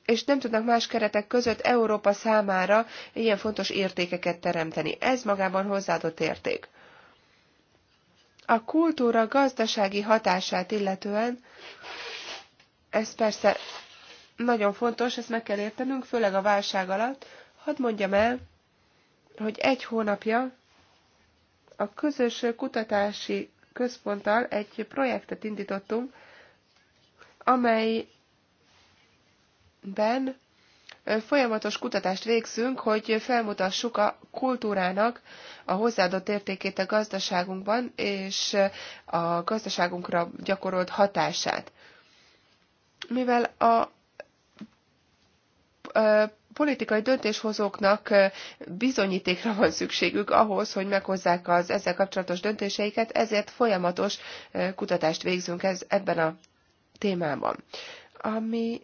és nem tudnak más keretek között Európa számára ilyen fontos értékeket teremteni. Ez magában hozzáadott érték. A kultúra gazdasági hatását illetően, ez persze nagyon fontos, ezt meg kell értenünk, főleg a válság alatt, hadd mondjam el, hogy egy hónapja a közös kutatási központtal egy projektet indítottunk, amelyben folyamatos kutatást végzünk, hogy felmutassuk a kultúrának a hozzáadott értékét a gazdaságunkban, és a gazdaságunkra gyakorolt hatását. Mivel a politikai döntéshozóknak bizonyítékra van szükségük ahhoz, hogy meghozzák az ezzel kapcsolatos döntéseiket, ezért folyamatos kutatást végzünk ez, ebben a témában. Ami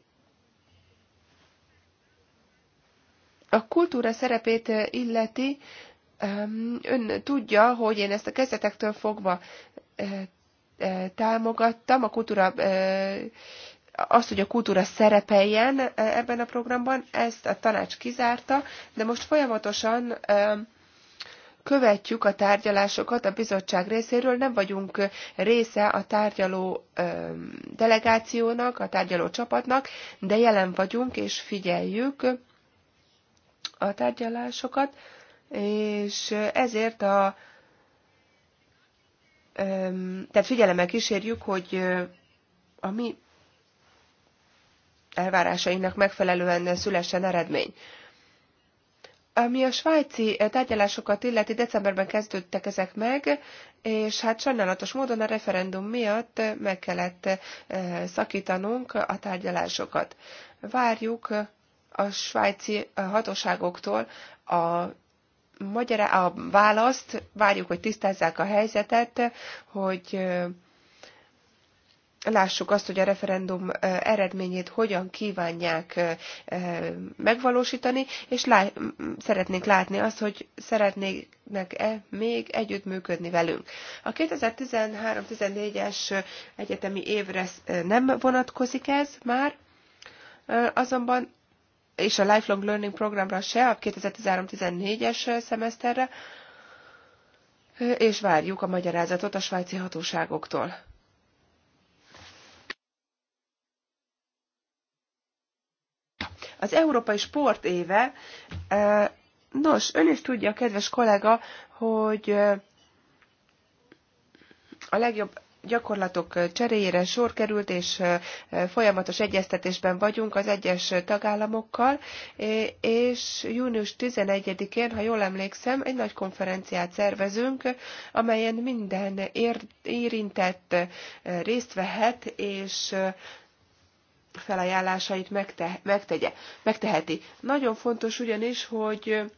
a kultúra szerepét illeti, ön tudja, hogy én ezt a kezdetektől fogva támogattam, a kultúra azt, hogy a kultúra szerepeljen e, ebben a programban, ezt a tanács kizárta, de most folyamatosan e, követjük a tárgyalásokat a bizottság részéről, nem vagyunk része a tárgyaló e, delegációnak, a tárgyaló csapatnak, de jelen vagyunk és figyeljük a tárgyalásokat, és ezért a tehát figyelemmel kísérjük, hogy a mi elvárásainak megfelelően szülessen eredmény. Ami a svájci tárgyalásokat illeti, decemberben kezdődtek ezek meg, és hát sajnálatos módon a referendum miatt meg kellett eh, szakítanunk a tárgyalásokat. Várjuk a svájci hatóságoktól a magyar a választ, várjuk, hogy tisztázzák a helyzetet, hogy eh, lássuk azt, hogy a referendum eredményét hogyan kívánják megvalósítani, és lá- szeretnénk látni azt, hogy szeretnének-e még együttműködni velünk. A 2013-14-es egyetemi évre nem vonatkozik ez már, azonban és a Lifelong Learning programra se, a 2013-14-es szemeszterre, és várjuk a magyarázatot a svájci hatóságoktól. az Európai Sport éve. Nos, ön is tudja, kedves kollega, hogy a legjobb gyakorlatok cseréjére sor került, és folyamatos egyeztetésben vagyunk az egyes tagállamokkal, és június 11-én, ha jól emlékszem, egy nagy konferenciát szervezünk, amelyen minden érintett részt vehet, és felajánlásait megte, megtegye, megteheti. Nagyon fontos ugyanis, hogy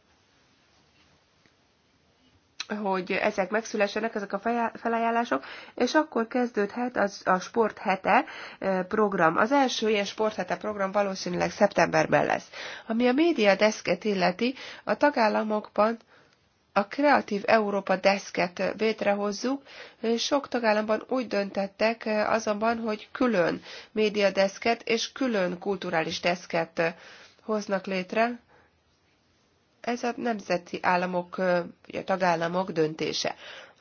hogy ezek megszülessenek, ezek a felajánlások, és akkor kezdődhet az a sporthete e, program. Az első ilyen sporthete program valószínűleg szeptemberben lesz. Ami a média deszket illeti, a tagállamokban a Kreatív Európa deszket vétrehozzuk. Sok tagállamban úgy döntettek azonban, hogy külön média deszket és külön kulturális deszket hoznak létre. Ez a nemzeti államok, vagy a tagállamok döntése.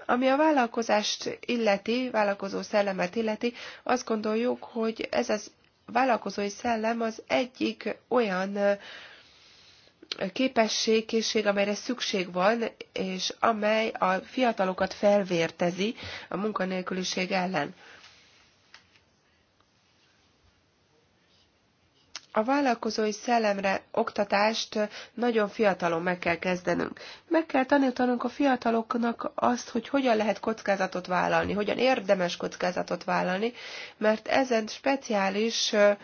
Ami a vállalkozást illeti, vállalkozó szellemet illeti, azt gondoljuk, hogy ez az vállalkozói szellem az egyik olyan képesség, készség, amelyre szükség van, és amely a fiatalokat felvértezi a munkanélküliség ellen. A vállalkozói szellemre oktatást nagyon fiatalon meg kell kezdenünk. Meg kell tanítanunk a fiataloknak azt, hogy hogyan lehet kockázatot vállalni, hogyan érdemes kockázatot vállalni, mert ezen speciális uh,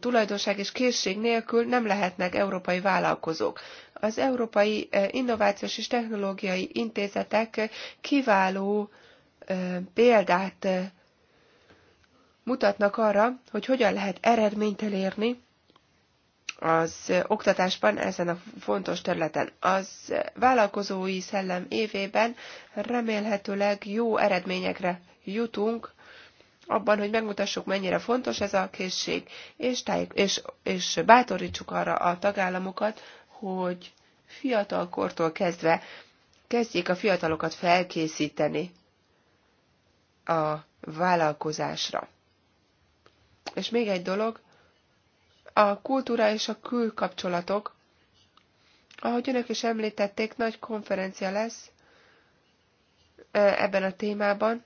tulajdonság és készség nélkül nem lehetnek európai vállalkozók. Az Európai eh, Innovációs és Technológiai Intézetek kiváló eh, példát eh, mutatnak arra, hogy hogyan lehet eredményt elérni az oktatásban ezen a fontos területen. Az vállalkozói szellem évében remélhetőleg jó eredményekre jutunk, abban, hogy megmutassuk, mennyire fontos ez a készség, és, tájék, és, és bátorítsuk arra a tagállamokat, hogy fiatal kortól kezdve kezdjék a fiatalokat felkészíteni a vállalkozásra. És még egy dolog, a kultúra és a külkapcsolatok, ahogy önök is említették, nagy konferencia lesz e, ebben a témában,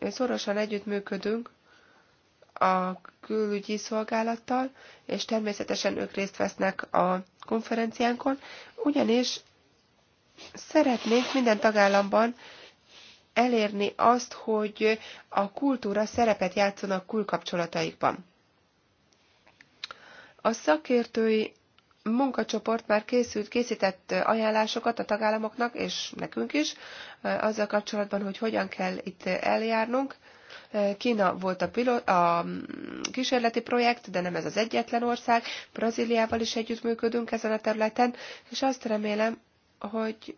szorosan együttműködünk a külügyi szolgálattal, és természetesen ők részt vesznek a konferenciánkon, ugyanis szeretnénk minden tagállamban elérni azt, hogy a kultúra szerepet játszon a külkapcsolataikban. A szakértői munkacsoport már készült, készített ajánlásokat a tagállamoknak, és nekünk is, azzal kapcsolatban, hogy hogyan kell itt eljárnunk. Kína volt a, pilot, a mm, kísérleti projekt, de nem ez az egyetlen ország. Brazíliával is együttműködünk ezen a területen, és azt remélem, hogy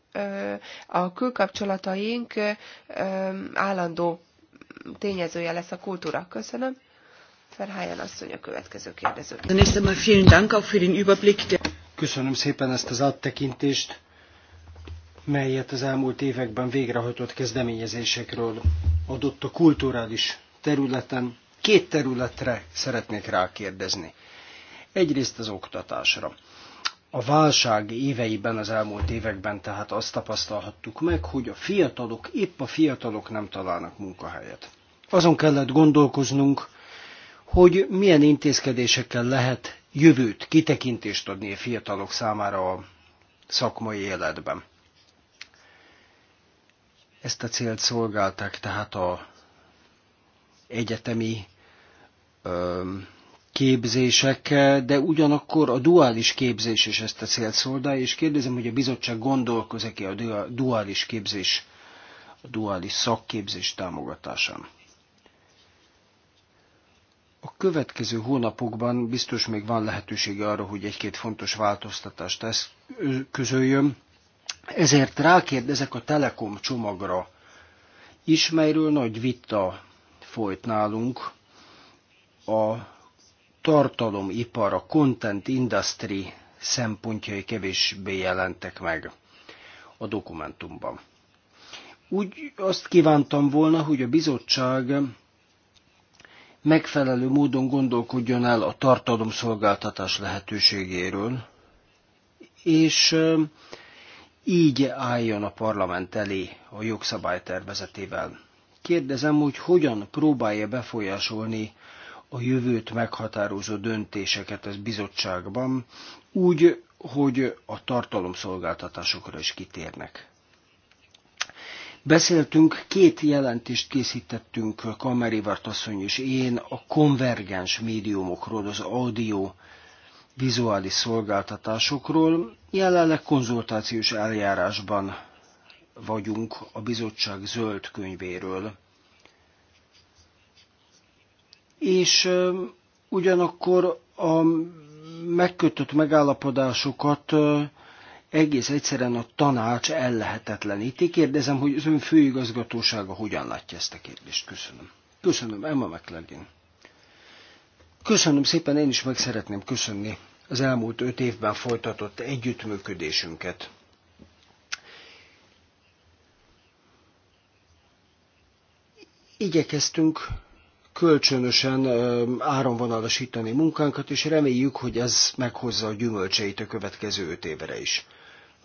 a külkapcsolataink állandó tényezője lesz a kultúra. Köszönöm. Köszönöm szépen ezt az áttekintést, melyet az elmúlt években végrehajtott kezdeményezésekről adott a kulturális területen. Két területre szeretnék rákérdezni. Egyrészt az oktatásra. A válság éveiben, az elmúlt években tehát azt tapasztalhattuk meg, hogy a fiatalok, épp a fiatalok nem találnak munkahelyet. Azon kellett gondolkoznunk, hogy milyen intézkedésekkel lehet jövőt, kitekintést adni a fiatalok számára a szakmai életben. Ezt a célt szolgálták tehát a egyetemi öm, képzések, de ugyanakkor a duális képzés is ezt a célt szolgálja, és kérdezem, hogy a bizottság gondolkozik-e a duális képzés, a duális szakképzés támogatásán. A következő hónapokban biztos még van lehetősége arra, hogy egy-két fontos változtatást tesz, közöljön. Ezért rákérdezek a Telekom csomagra is, melyről nagy vita folyt nálunk. A tartalomipar, a content industry szempontjai kevésbé jelentek meg a dokumentumban. Úgy azt kívántam volna, hogy a bizottság megfelelő módon gondolkodjon el a tartalomszolgáltatás lehetőségéről, és így álljon a parlament elé a jogszabálytervezetével. Kérdezem, hogy hogyan próbálja befolyásolni a jövőt meghatározó döntéseket az bizottságban, úgy, hogy a tartalomszolgáltatásokra is kitérnek. Beszéltünk, két jelentést készítettünk Kamerivart asszony és én a konvergens médiumokról, az audio vizuális szolgáltatásokról. Jelenleg konzultációs eljárásban vagyunk a bizottság zöld könyvéről. És ugyanakkor a megkötött megállapodásokat egész egyszerűen a tanács ellehetetleníti. Kérdezem, hogy az ön főigazgatósága hogyan látja ezt a kérdést. Köszönöm. Köszönöm, Emma McLaggen. Köszönöm szépen, én is meg szeretném köszönni az elmúlt öt évben folytatott együttműködésünket. Igyekeztünk kölcsönösen áramvonalasítani munkánkat, és reméljük, hogy ez meghozza a gyümölcseit a következő öt évre is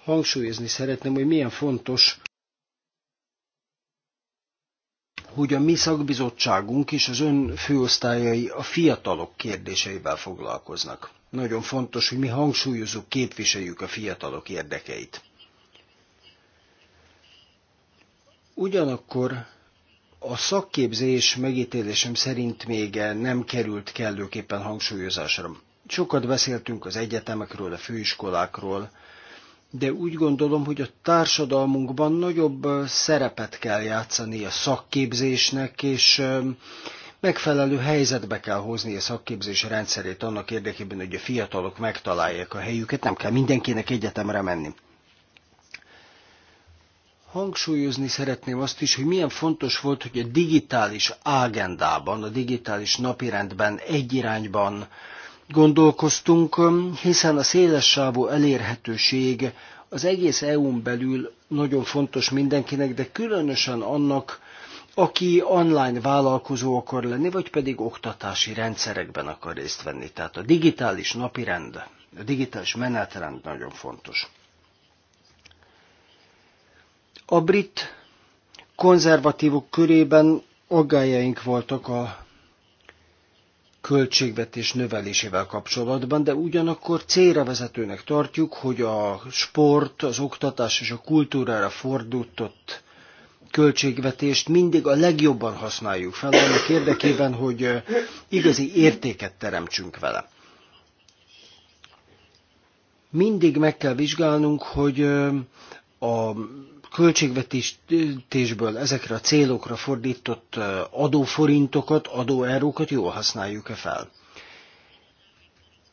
hangsúlyozni szeretném, hogy milyen fontos, hogy a mi szakbizottságunk és az ön főosztályai a fiatalok kérdéseivel foglalkoznak. Nagyon fontos, hogy mi hangsúlyozunk, képviseljük a fiatalok érdekeit. Ugyanakkor a szakképzés megítélésem szerint még nem került kellőképpen hangsúlyozásra. Sokat beszéltünk az egyetemekről, a főiskolákról, de úgy gondolom, hogy a társadalmunkban nagyobb szerepet kell játszani a szakképzésnek, és megfelelő helyzetbe kell hozni a szakképzés rendszerét annak érdekében, hogy a fiatalok megtalálják a helyüket, nem kell mindenkinek egyetemre menni. Hangsúlyozni szeretném azt is, hogy milyen fontos volt, hogy a digitális agendában, a digitális napirendben egy irányban gondolkoztunk, hiszen a széles sávú elérhetőség az egész EU-n belül nagyon fontos mindenkinek, de különösen annak, aki online vállalkozó akar lenni, vagy pedig oktatási rendszerekben akar részt venni. Tehát a digitális napirend, a digitális menetrend nagyon fontos. A brit konzervatívok körében aggájaink voltak a költségvetés növelésével kapcsolatban, de ugyanakkor célra vezetőnek tartjuk, hogy a sport, az oktatás és a kultúrára fordított költségvetést mindig a legjobban használjuk fel, annak érdekében, hogy igazi értéket teremtsünk vele. Mindig meg kell vizsgálnunk, hogy a költségvetésből ezekre a célokra fordított adóforintokat, adóerókat jól használjuk-e fel.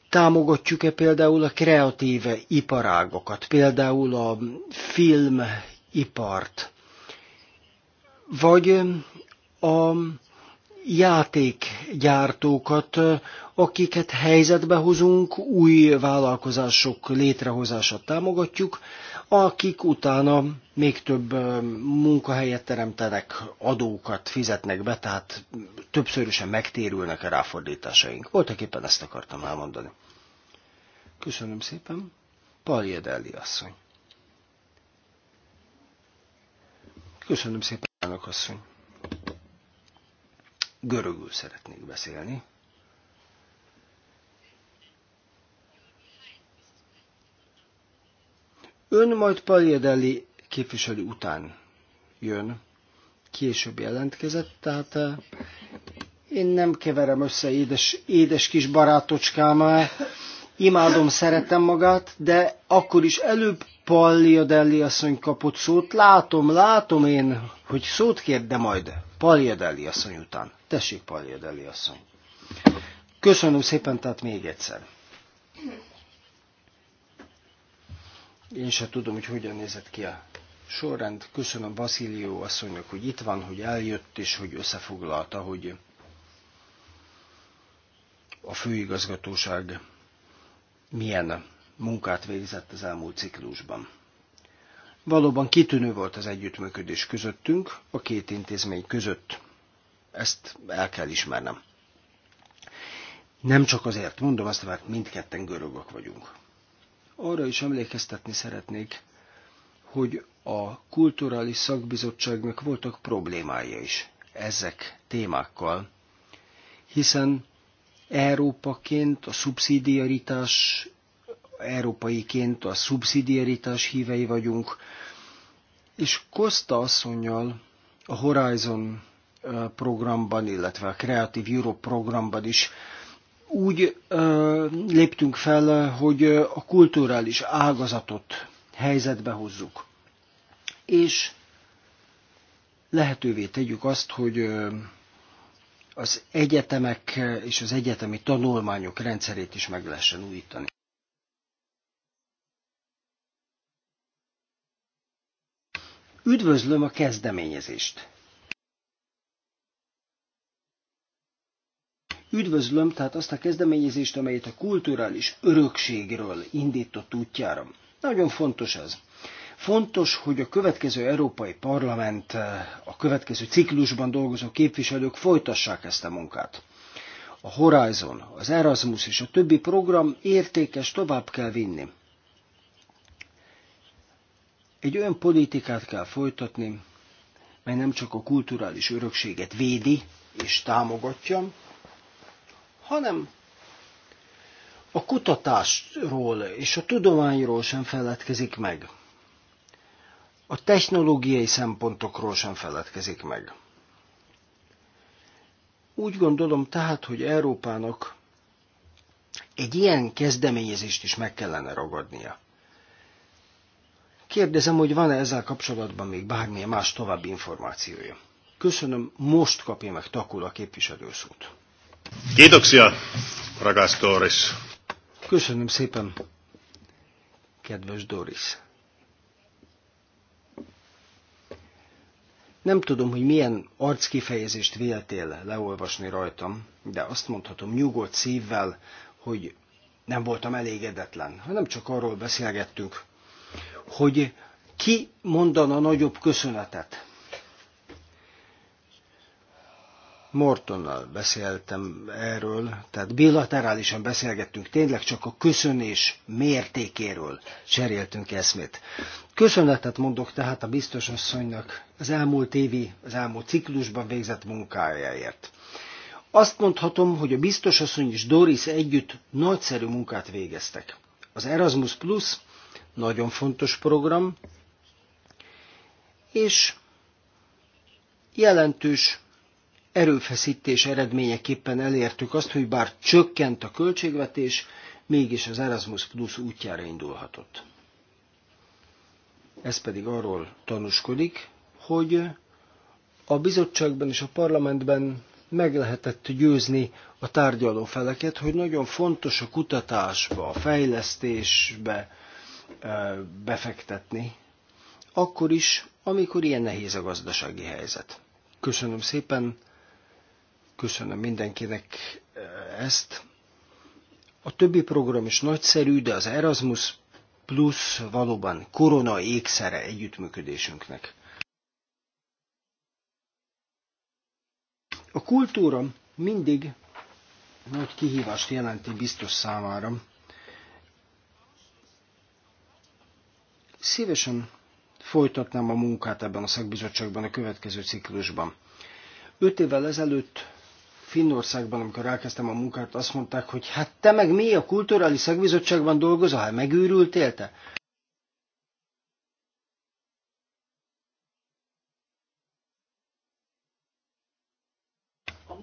Támogatjuk-e például a kreatíve iparágokat, például a filmipart, vagy a játékgyártókat, akiket helyzetbe hozunk, új vállalkozások létrehozását támogatjuk, akik utána még több munkahelyet teremtenek, adókat fizetnek be, tehát többszörösen megtérülnek a ráfordításaink. Voltak éppen ezt akartam elmondani. Köszönöm szépen. Paljed asszony. Köszönöm szépen, elnök asszony. Görögül szeretnék beszélni. Ön majd Paliadeli képviselő után jön, később jelentkezett, tehát eh, én nem keverem össze édes, édes kis barátocskámmal, eh. imádom, szeretem magát, de akkor is előbb Palliadelli asszony kapott szót. Látom, látom én, hogy szót kér, de majd Palliadelli asszony után. Tessék, Palliadelli asszony. Köszönöm szépen, tehát még egyszer. Én sem tudom, hogy hogyan nézett ki a sorrend. Köszönöm Vaszilió asszonynak, hogy itt van, hogy eljött, és hogy összefoglalta, hogy a főigazgatóság milyen munkát végzett az elmúlt ciklusban. Valóban kitűnő volt az együttműködés közöttünk, a két intézmény között. Ezt el kell ismernem. Nem csak azért mondom azt, mert mindketten görögök vagyunk. Arra is emlékeztetni szeretnék, hogy a kulturális szakbizottságnak voltak problémája is ezek témákkal, hiszen Európaként a szubszidiaritás, európaiként a szubszidiaritás hívei vagyunk, és Kosta asszonynal a Horizon eh, programban, illetve a Creative Europe programban is úgy ö, léptünk fel, hogy a kulturális ágazatot helyzetbe hozzuk. És lehetővé tegyük azt, hogy az egyetemek és az egyetemi tanulmányok rendszerét is meg lehessen újítani. Üdvözlöm a kezdeményezést! Üdvözlöm tehát azt a kezdeményezést, amelyet a kulturális örökségről indított útjára. Nagyon fontos ez. Fontos, hogy a következő Európai Parlament, a következő ciklusban dolgozó képviselők folytassák ezt a munkát. A Horizon, az Erasmus és a többi program értékes tovább kell vinni. Egy olyan politikát kell folytatni, mely nem csak a kulturális örökséget védi és támogatja, hanem a kutatásról és a tudományról sem feledkezik meg. A technológiai szempontokról sem feledkezik meg. Úgy gondolom tehát, hogy Európának egy ilyen kezdeményezést is meg kellene ragadnia. Kérdezem, hogy van-e ezzel kapcsolatban még bármilyen más további információja. Köszönöm, most kapja meg Takula képviselőszót. Kiitoksia, rakas Doris. Köszönöm szépen, kedves Doris. Nem tudom, hogy milyen arckifejezést véltél leolvasni rajtam, de azt mondhatom nyugodt szívvel, hogy nem voltam elégedetlen, hanem csak arról beszélgettünk, hogy ki mondana nagyobb köszönetet Mortonnal beszéltem erről, tehát bilaterálisan beszélgettünk, tényleg csak a köszönés mértékéről cseréltünk eszmét. Köszönetet mondok tehát a biztos asszonynak az elmúlt évi, az elmúlt ciklusban végzett munkájáért. Azt mondhatom, hogy a biztos asszony és Doris együtt nagyszerű munkát végeztek. Az Erasmus Plus nagyon fontos program, és jelentős erőfeszítés eredményeképpen elértük azt, hogy bár csökkent a költségvetés, mégis az Erasmus Plus útjára indulhatott. Ez pedig arról tanúskodik, hogy a bizottságban és a parlamentben meg lehetett győzni a tárgyaló feleket, hogy nagyon fontos a kutatásba, a fejlesztésbe befektetni, akkor is, amikor ilyen nehéz a gazdasági helyzet. Köszönöm szépen Köszönöm mindenkinek eh, ezt. A többi program is nagyszerű, de az Erasmus Plus valóban korona ékszere együttműködésünknek. A kultúra mindig nagy kihívást jelenti biztos számára. Szívesen folytatnám a munkát ebben a szakbizottságban a következő ciklusban. Öt évvel ezelőtt Finnországban, amikor elkezdtem a munkát, azt mondták, hogy hát te meg mi a kulturális szakbizottságban dolgozol, hát megőrültél te?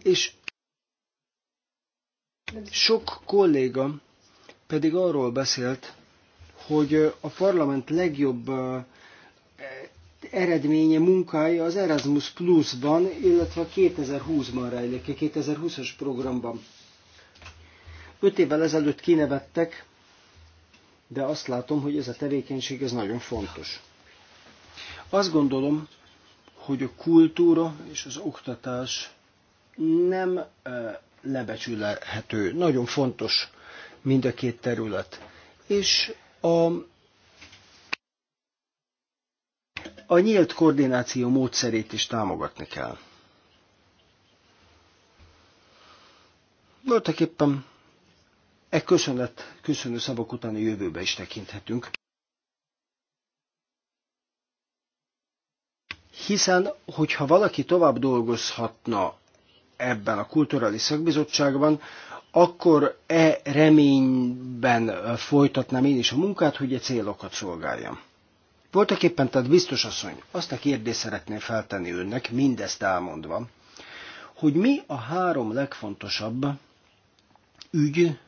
És sok kolléga pedig arról beszélt, hogy a parlament legjobb eredménye, munkája az Erasmus Plus-ban, illetve 2020-ban rejlik, a 2020-as programban. Öt évvel ezelőtt kinevettek, de azt látom, hogy ez a tevékenység ez nagyon fontos. Azt gondolom, hogy a kultúra és az oktatás nem lebecsülhető. Nagyon fontos mind a két terület. És a A nyílt koordináció módszerét is támogatni kell. Voltak éppen e köszönet, köszönő szavak után a jövőbe is tekinthetünk. Hiszen, hogyha valaki tovább dolgozhatna ebben a kulturális szakbizottságban, akkor e reményben folytatnám én is a munkát, hogy a e célokat szolgáljam. Voltak éppen, tehát biztos asszony, azt a kérdést szeretném feltenni önnek, mindezt elmondva, hogy mi a három legfontosabb ügy,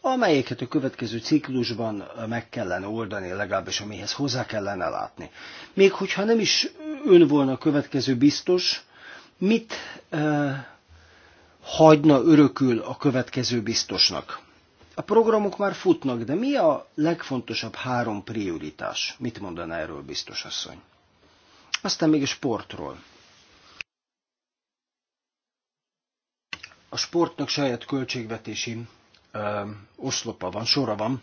amelyeket a következő ciklusban meg kellene oldani, legalábbis amihez hozzá kellene látni. Még hogyha nem is ön volna a következő biztos, mit eh, hagyna örökül a következő biztosnak? A programok már futnak, de mi a legfontosabb három prioritás? Mit mondaná erről biztos asszony? Aztán még a sportról. A sportnak saját költségvetési ö, oszlopa van, sora van,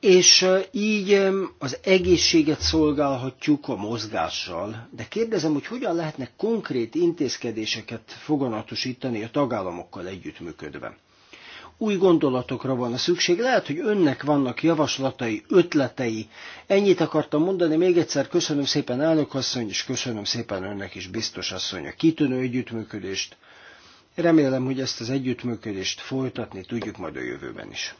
és így az egészséget szolgálhatjuk a mozgással, de kérdezem, hogy hogyan lehetne konkrét intézkedéseket foganatosítani a tagállamokkal együttműködve új gondolatokra van a szükség. Lehet, hogy önnek vannak javaslatai, ötletei. Ennyit akartam mondani, még egyszer köszönöm szépen elnökasszony, és köszönöm szépen önnek is biztos asszony a kitűnő együttműködést. Remélem, hogy ezt az együttműködést folytatni tudjuk majd a jövőben is.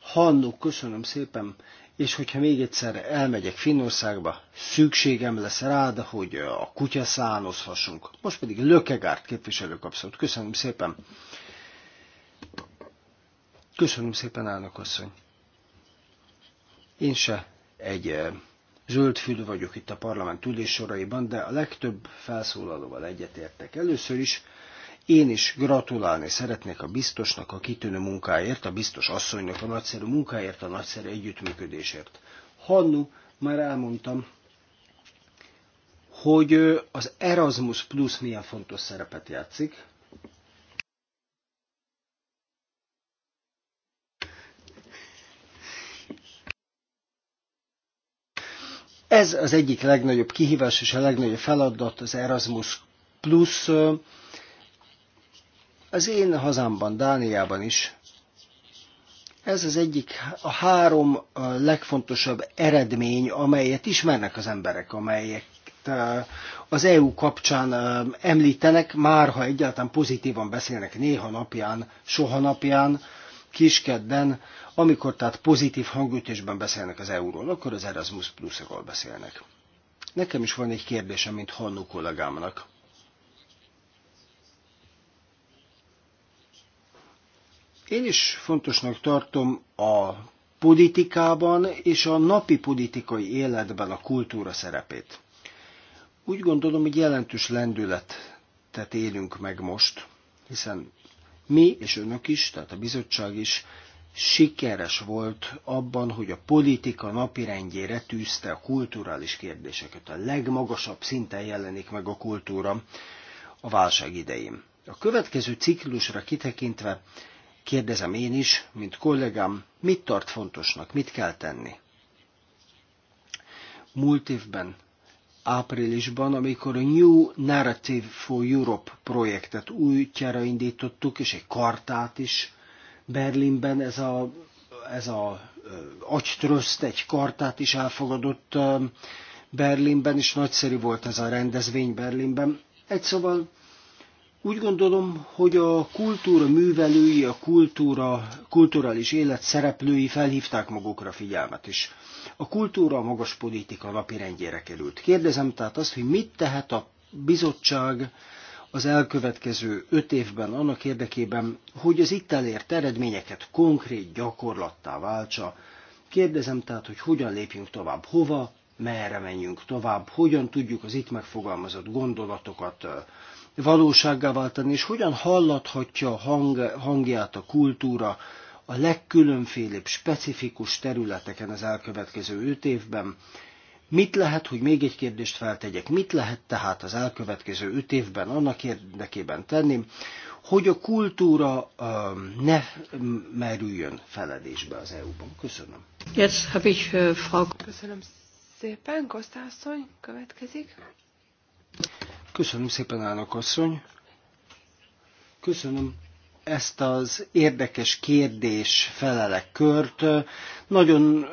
Hannuk, köszönöm szépen, és hogyha még egyszer elmegyek Finnországba, szükségem lesz rád, hogy a kutya szánozhassunk. Most pedig Lökegárt képviselő kapszott. Köszönöm szépen. Köszönöm szépen, állnak asszony. Én se egy eh, zöld fülű vagyok itt a parlament ülésoraiban, de a legtöbb felszólalóval egyetértek. Először is én is gratulálni szeretnék a biztosnak a kitűnő munkáért, a biztos asszonynak a nagyszerű munkáért, a nagyszerű együttműködésért. Hannu, már elmondtam, hogy eh, az Erasmus Plus milyen fontos szerepet játszik, Ez az egyik legnagyobb kihívás és a legnagyobb feladat az Erasmus Plus. Az én hazámban, Dániában is ez az egyik, a három legfontosabb eredmény, amelyet ismernek az emberek, amelyek e, az EU kapcsán e, említenek, már ha egyáltalán pozitívan beszélnek, néha napján, soha napján, kiskedden, amikor tehát pozitív hangütésben beszélnek az euróról, akkor az Erasmus plus beszélnek. Nekem is van egy kérdésem, mint Hannu kollégámnak. Én is fontosnak tartom a politikában és a napi politikai életben a kultúra szerepét. Úgy gondolom, hogy jelentős lendületet élünk meg most, hiszen mi és önök is, tehát a bizottság is sikeres volt abban, hogy a politika napirendjére tűzte a kulturális kérdéseket. A legmagasabb szinten jelenik meg a kultúra a válság idején. A következő ciklusra kitekintve kérdezem én is, mint kollégám, mit tart fontosnak, mit kell tenni? Múlt évben áprilisban, amikor a New Narrative for Europe projektet újtjára indítottuk, és egy kartát is Berlinben ez a, ez a agytröszt egy kartát is elfogadott Berlinben, és nagyszerű volt ez a rendezvény Berlinben. Egy szóval úgy gondolom, hogy a kultúra művelői, a kultúra, kulturális élet szereplői felhívták magukra figyelmet is. A kultúra a magas politika rendjére került. Kérdezem tehát azt, hogy mit tehet a bizottság az elkövetkező öt évben annak érdekében, hogy az itt elért eredményeket konkrét gyakorlattá váltsa. Kérdezem tehát, hogy hogyan lépjünk tovább, hova, merre menjünk tovább, hogyan tudjuk az itt megfogalmazott gondolatokat valósággá váltani, és hogyan hallathatja hang, hangját a kultúra a legkülönfélebb specifikus területeken az elkövetkező öt évben. Mit lehet, hogy még egy kérdést feltegyek, mit lehet tehát az elkövetkező öt évben annak érdekében tenni, hogy a kultúra uh, ne merüljön feledésbe az EU-ban? Köszönöm. Yes, habe ich, uh, Frau... Köszönöm szépen. Kosztászony következik. Köszönöm szépen, állnak asszony. Köszönöm ezt az érdekes kérdés felelek kört. Nagyon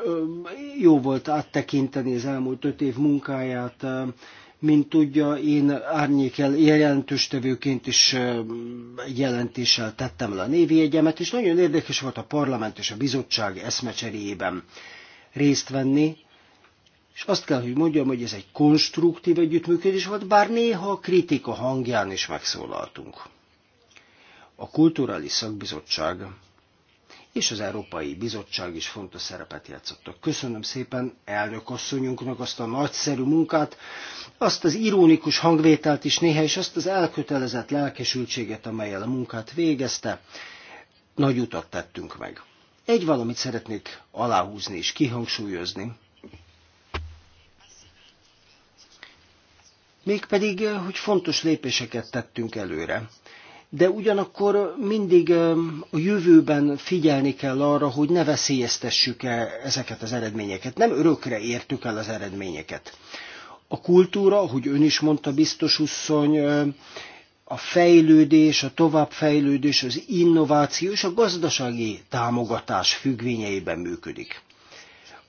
jó volt áttekinteni az elmúlt öt év munkáját. Mint tudja, én árnyékel tevőként is jelentéssel tettem le a névjegyemet, és nagyon érdekes volt a parlament és a bizottság eszmecseréjében részt venni, és azt kell, hogy mondjam, hogy ez egy konstruktív együttműködés volt, bár néha a kritika hangján is megszólaltunk. A Kulturális Szakbizottság és az Európai Bizottság is fontos szerepet játszottak. Köszönöm szépen elnök asszonyunknak azt a nagyszerű munkát, azt az ironikus hangvételt is néha, és azt az elkötelezett lelkesültséget, amelyel a munkát végezte. Nagy utat tettünk meg. Egy valamit szeretnék aláhúzni és kihangsúlyozni, mégpedig, eh, hogy fontos lépéseket tettünk előre. De ugyanakkor eh, mindig eh, a jövőben figyelni kell arra, hogy ne veszélyeztessük -e ezeket az eredményeket. Nem örökre értük el az eredményeket. A kultúra, ahogy ön is mondta, biztos asszony, a fejlődés, a továbbfejlődés, az innováció és a gazdasági támogatás függvényeiben működik.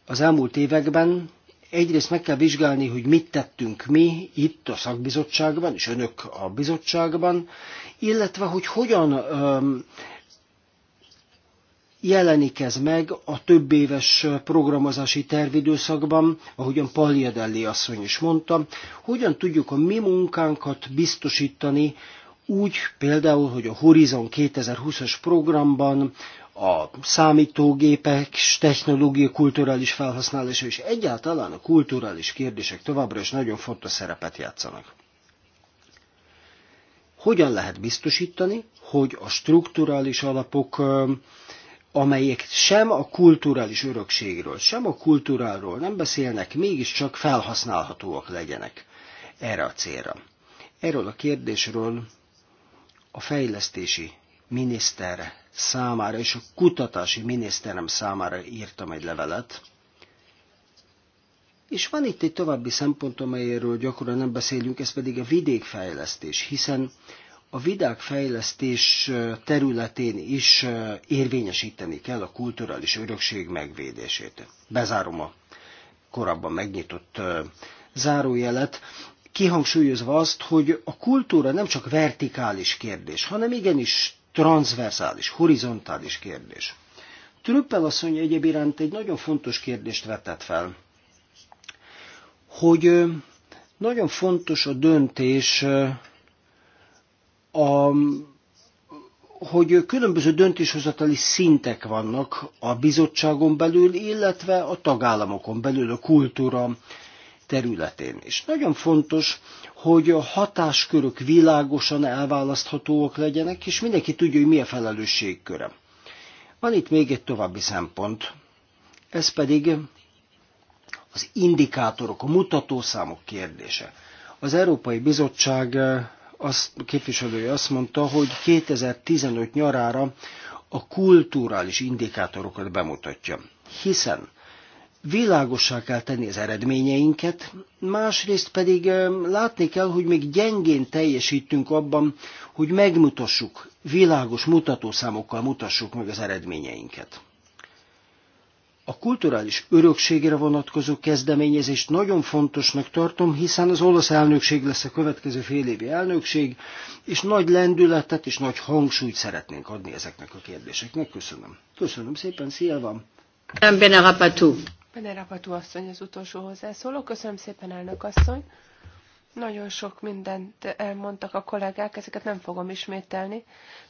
Az elmúlt években egyrészt meg kell vizsgálni, hogy mit tettünk mi itt a szakbizottságban, és önök a bizottságban, illetve hogy hogyan öm, jelenik ez meg a több éves programozási tervidőszakban, ahogyan Palliadelli asszony is mondta, hogyan tudjuk a mi munkánkat biztosítani, úgy például, hogy a Horizon 2020-as programban a számítógépek technológia kulturális felhasználása, és egyáltalán a kulturális kérdések továbbra is nagyon fontos szerepet játszanak. Hogyan lehet biztosítani, hogy a strukturális alapok, amelyek sem a kulturális örökségről, sem a kultúráról nem beszélnek, mégiscsak felhasználhatóak legyenek erre a célra? Erről a kérdésről a fejlesztési miniszter számára és a kutatási miniszterem számára írtam egy levelet. És van itt egy további szempont, amelyről gyakran nem beszélünk, ez pedig a vidékfejlesztés, hiszen a vidékfejlesztés területén is érvényesíteni kell a kulturális örökség megvédését. Bezárom a korábban megnyitott zárójelet, kihangsúlyozva azt, hogy a kultúra nem csak vertikális kérdés, hanem igenis transzverzális, horizontális kérdés. Trüppel asszony egyéb iránt egy nagyon fontos kérdést vetett fel, hogy nagyon fontos a döntés, a, hogy különböző döntéshozatali szintek vannak a bizottságon belül, illetve a tagállamokon belül, a kultúra, területén. És nagyon fontos, hogy a hatáskörök világosan elválaszthatóak legyenek, és mindenki tudja, hogy mi a felelősségköre. Van itt még egy további szempont, ez pedig az indikátorok, a mutatószámok kérdése. Az Európai Bizottság eh, azt, képviselője azt mondta, hogy 2015 nyarára a kulturális indikátorokat bemutatja. Hiszen világossá kell tenni az eredményeinket, másrészt pedig látni kell, hogy még gyengén teljesítünk abban, hogy megmutassuk, világos mutatószámokkal mutassuk meg az eredményeinket. A kulturális örökségre vonatkozó kezdeményezést nagyon fontosnak tartom, hiszen az olasz elnökség lesz a következő fél évi elnökség, és nagy lendületet és nagy hangsúlyt szeretnénk adni ezeknek a kérdéseknek. Köszönöm. Köszönöm szépen, szia van! Bernard Penerapatú asszony az utolsó hozzászóló. Köszönöm szépen, elnök asszony. Nagyon sok mindent elmondtak a kollégák, ezeket nem fogom ismételni.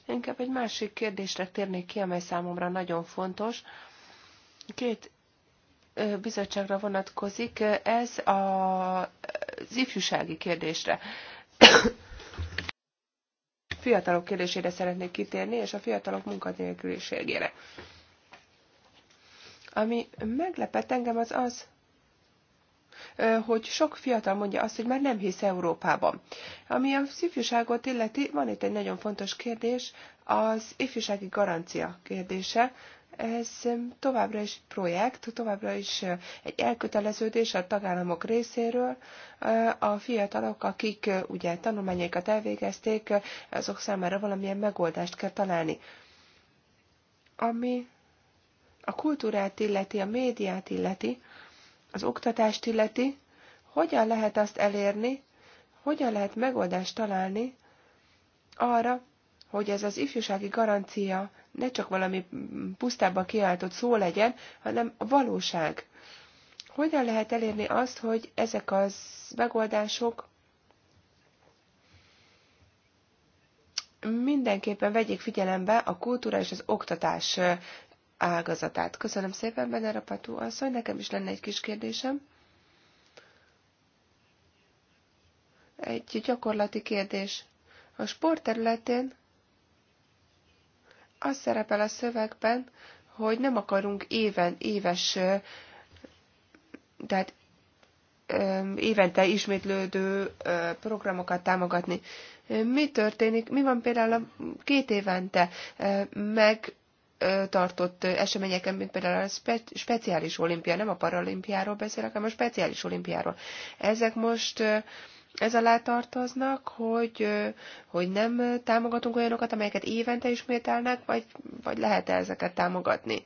Inkább egy másik kérdésre térnék ki, amely számomra nagyon fontos. Két bizottságra vonatkozik, ez a, az ifjúsági kérdésre. fiatalok kérdésére szeretnék kitérni, és a fiatalok munkanélküliségére. Ami meglepett engem az az, hogy sok fiatal mondja azt, hogy már nem hisz Európában. Ami a ifjúságot illeti, van itt egy nagyon fontos kérdés, az ifjúsági garancia kérdése. Ez továbbra is projekt, továbbra is egy elköteleződés a tagállamok részéről. A fiatalok, akik ugye tanulmányaikat elvégezték, azok számára valamilyen megoldást kell találni. Ami a kultúrát illeti, a médiát illeti, az oktatást illeti, hogyan lehet azt elérni, hogyan lehet megoldást találni arra, hogy ez az ifjúsági garancia ne csak valami pusztában kiáltott szó legyen, hanem a valóság. Hogyan lehet elérni azt, hogy ezek az megoldások mindenképpen vegyék figyelembe a kultúra és az oktatás ágazatát. Köszönöm szépen, Benera patu. asszony, nekem is lenne egy kis kérdésem. Egy gyakorlati kérdés. A sport területén az szerepel a szövegben, hogy nem akarunk éven, éves, tehát évente ismétlődő programokat támogatni. Mi történik, mi van például a két évente meg tartott eseményeken, mint például a spe- speciális olimpia, nem a paralimpiáról beszélek, hanem a speciális olimpiáról. Ezek most ez alá tartoznak, hogy, hogy nem támogatunk olyanokat, amelyeket évente ismételnek, vagy, vagy lehet -e ezeket támogatni?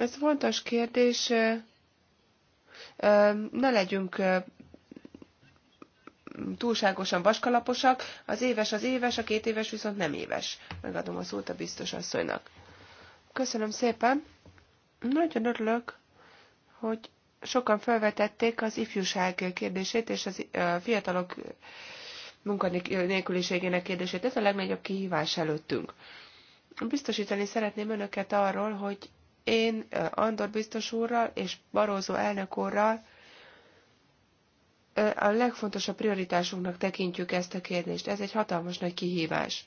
Ez fontos kérdés. Ne legyünk túlságosan vaskalaposak, az éves az éves, a két éves viszont nem éves. Megadom a szót a biztos asszonynak. Köszönöm szépen. Nagyon örülök, hogy sokan felvetették az ifjúság kérdését és az, a fiatalok munkanélküliségének kérdését. Ez a legnagyobb kihívás előttünk. Biztosítani szeretném önöket arról, hogy én Andor biztos úrral és Barózó elnök úrral a legfontosabb prioritásunknak tekintjük ezt a kérdést. Ez egy hatalmas nagy kihívás.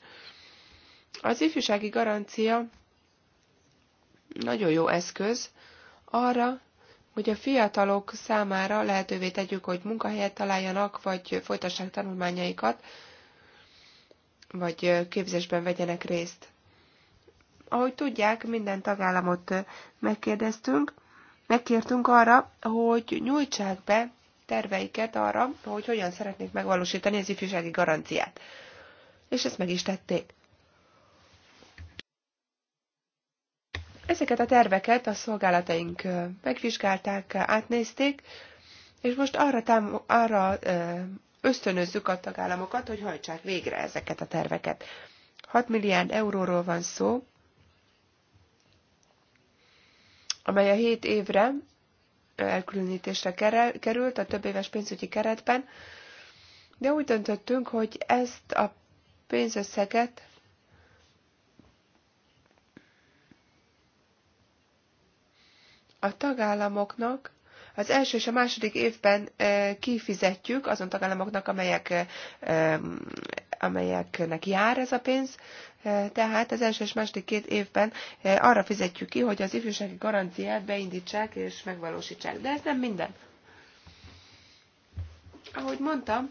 Az ifjúsági garancia nagyon jó eszköz arra, hogy a fiatalok számára lehetővé tegyük, hogy munkahelyet találjanak, vagy folytassák tanulmányaikat, vagy képzésben vegyenek részt. Ahogy tudják, minden tagállamot megkérdeztünk, megkértünk arra, hogy nyújtsák be terveiket arra, hogy hogyan szeretnék megvalósítani az ifjúsági garanciát. És ezt meg is tették. Ezeket a terveket a szolgálataink megvizsgálták, átnézték, és most arra, tám- arra ösztönözzük a tagállamokat, hogy hajtsák végre ezeket a terveket. 6 milliárd euróról van szó, amely a 7 évre elkülönítésre került a több éves pénzügyi keretben, de úgy döntöttünk, hogy ezt a pénzösszeget a tagállamoknak az első és a második évben eh, kifizetjük azon tagállamoknak, amelyek eh, amelyeknek jár ez a pénz, e, tehát az első és második két évben e, arra fizetjük ki, hogy az ifjúsági garanciát beindítsák és megvalósítsák. De ez nem minden. Ahogy mondtam,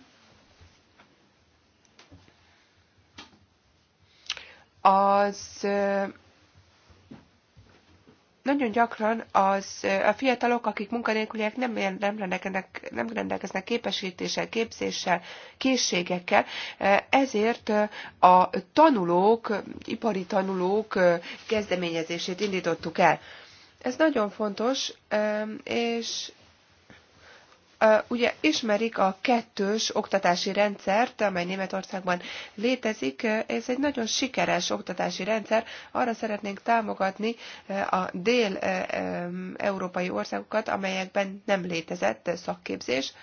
az e, nagyon gyakran az, a fiatalok, akik munkanélküliek nem, nem, rendelkeznek, nem rendelkeznek képesítéssel, képzéssel, készségekkel, ezért a tanulók, ipari tanulók kezdeményezését indítottuk el. Ez nagyon fontos, és ugye ismerik a kettős oktatási rendszert, amely Németországban létezik. Ez egy nagyon sikeres oktatási rendszer. Arra szeretnénk támogatni a dél-európai országokat, amelyekben nem létezett szakképzés,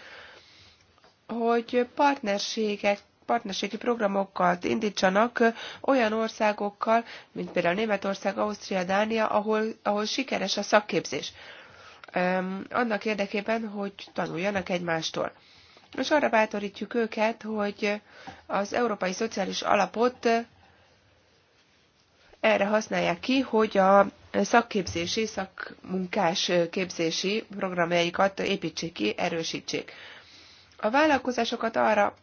hogy partnerségek partnerségi programokat indítsanak olyan országokkal, mint például Németország, Ausztria, Dánia, ahol, ahol sikeres a szakképzés annak érdekében, hogy tanuljanak egymástól. És arra bátorítjuk őket, hogy az Európai Szociális Alapot erre használják ki, hogy a szakképzési, szakmunkás képzési programjaikat építsék ki, erősítsék. A vállalkozásokat arra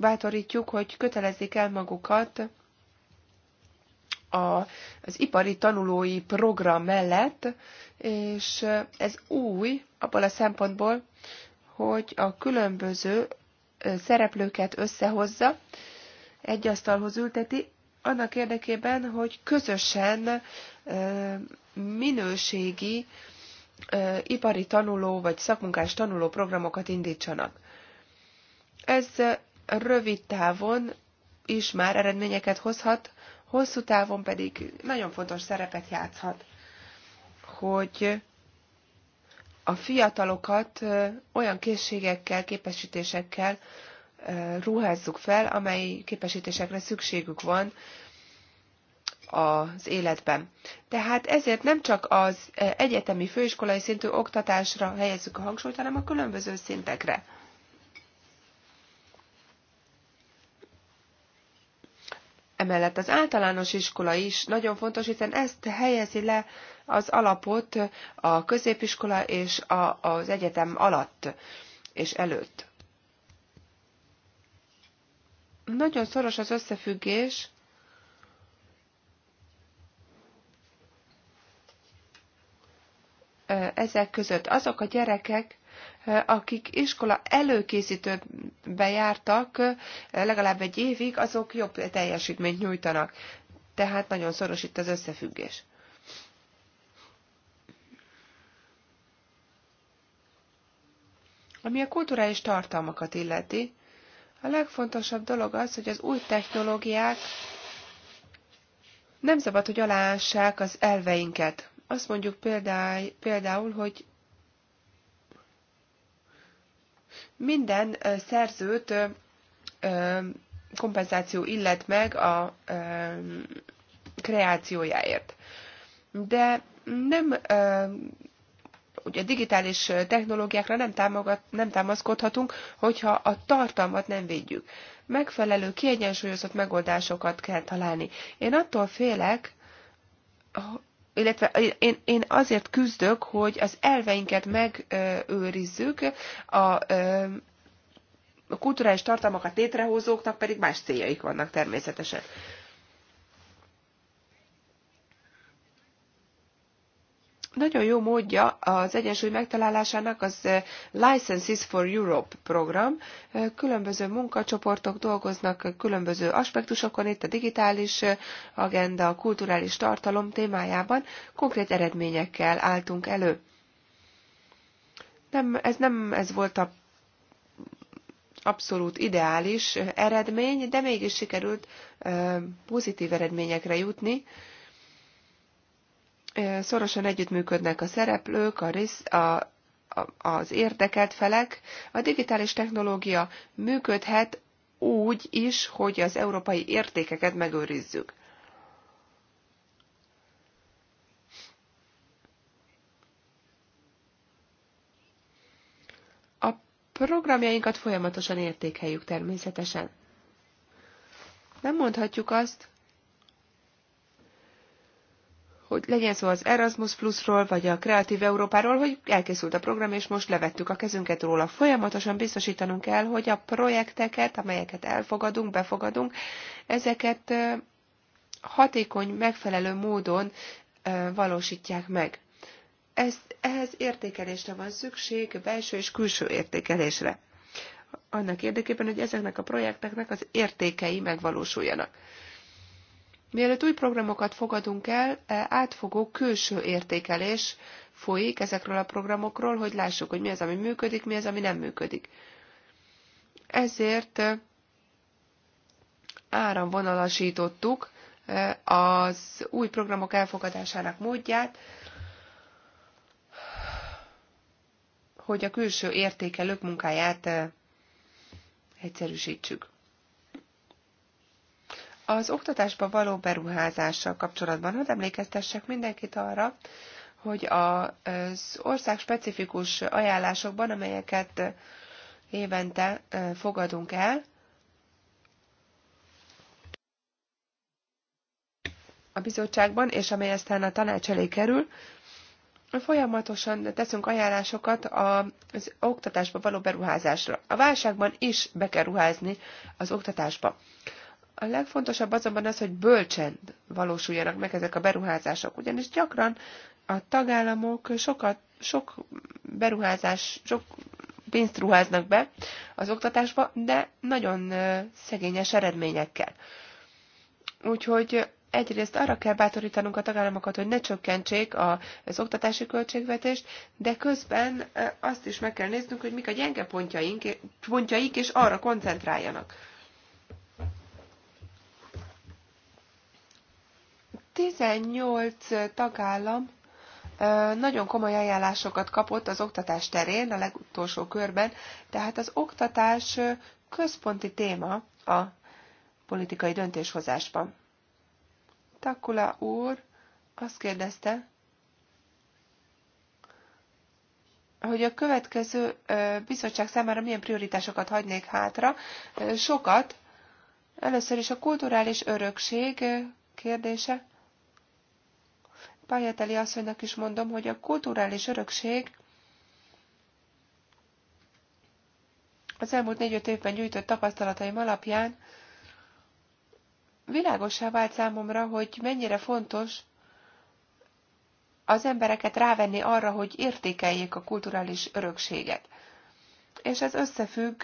bátorítjuk, hogy kötelezzék el magukat a, az ipari tanulói program mellett, és ez új abból a szempontból, hogy a különböző szereplőket összehozza, egy asztalhoz ülteti, annak érdekében, hogy közösen minőségi ipari tanuló vagy szakmunkás tanuló programokat indítsanak. Ez rövid távon is már eredményeket hozhat hosszú távon pedig nagyon fontos szerepet játszhat, hogy a fiatalokat olyan készségekkel, képesítésekkel ruházzuk fel, amely képesítésekre szükségük van az életben. Tehát ezért nem csak az egyetemi főiskolai szintű oktatásra helyezzük a hangsúlyt, hanem a különböző szintekre. Emellett az általános iskola is nagyon fontos, hiszen ezt helyezi le az alapot a középiskola és a, az egyetem alatt és előtt. Nagyon szoros az összefüggés ezek között. Azok a gyerekek, akik iskola előkészítőt bejártak legalább egy évig, azok jobb teljesítményt nyújtanak. Tehát nagyon szoros itt az összefüggés. Ami a kulturális tartalmakat illeti, a legfontosabb dolog az, hogy az új technológiák nem szabad, hogy aláássák az elveinket. Azt mondjuk például, például hogy minden szerzőt kompenzáció illet meg a kreációjáért. De nem ugye digitális technológiákra nem, támogat, nem támaszkodhatunk, hogyha a tartalmat nem védjük. Megfelelő, kiegyensúlyozott megoldásokat kell találni. Én attól félek, illetve én, én azért küzdök, hogy az elveinket megőrizzük, a, a kulturális tartalmakat létrehozóknak pedig más céljaik vannak természetesen. nagyon jó módja az egyensúly megtalálásának az eh, Licenses for Europe program. Eh, különböző munkacsoportok dolgoznak különböző aspektusokon, itt a digitális eh, agenda, a kulturális tartalom témájában konkrét eredményekkel álltunk elő. Nem, ez nem ez volt a abszolút ideális eredmény, de mégis sikerült pozitív eredményekre jutni szorosan együttműködnek a szereplők, a, rész, a az érdekelt felek, a digitális technológia működhet úgy is, hogy az európai értékeket megőrizzük. A programjainkat folyamatosan értékeljük természetesen. Nem mondhatjuk azt, hogy legyen szó az Erasmus Plusról, vagy a Kreatív Európáról, hogy elkészült a program, és most levettük a kezünket róla. Folyamatosan biztosítanunk kell, hogy a projekteket, amelyeket elfogadunk, befogadunk, ezeket hatékony, megfelelő módon valósítják meg. Ez, ehhez értékelésre van szükség, belső és külső értékelésre. Annak érdekében, hogy ezeknek a projekteknek az értékei megvalósuljanak. Mielőtt új programokat fogadunk el, e, átfogó külső értékelés folyik ezekről a programokról, hogy lássuk, hogy mi az, ami működik, mi az, ami nem működik. Ezért e, áramvonalasítottuk e, az új programok elfogadásának módját, hogy a külső értékelők munkáját egyszerűsítsük. Az oktatásba való beruházással kapcsolatban hadd emlékeztessek mindenkit arra, hogy az ország specifikus ajánlásokban, amelyeket évente fogadunk el, a bizottságban, és amely aztán a tanács elé kerül, folyamatosan teszünk ajánlásokat az oktatásba való beruházásra. A válságban is be kell ruházni az oktatásba. A legfontosabb azonban az, hogy bölcsen valósuljanak meg ezek a beruházások, ugyanis gyakran a tagállamok sokat, sok beruházás, sok pénzt ruháznak be az oktatásba, de nagyon szegényes eredményekkel. Úgyhogy egyrészt arra kell bátorítanunk a tagállamokat, hogy ne csökkentsék az oktatási költségvetést, de közben azt is meg kell néznünk, hogy mik a gyenge pontjaink, pontjaik, és arra koncentráljanak. 18 tagállam nagyon komoly ajánlásokat kapott az oktatás terén a legutolsó körben, tehát az oktatás központi téma a politikai döntéshozásban. Takula úr azt kérdezte, hogy a következő bizottság számára milyen prioritásokat hagynék hátra. Sokat. Először is a kulturális örökség kérdése. Pályateli asszonynak is mondom, hogy a kulturális örökség az elmúlt négy-öt évben gyűjtött tapasztalataim alapján világosá vált számomra, hogy mennyire fontos az embereket rávenni arra, hogy értékeljék a kulturális örökséget. És ez összefügg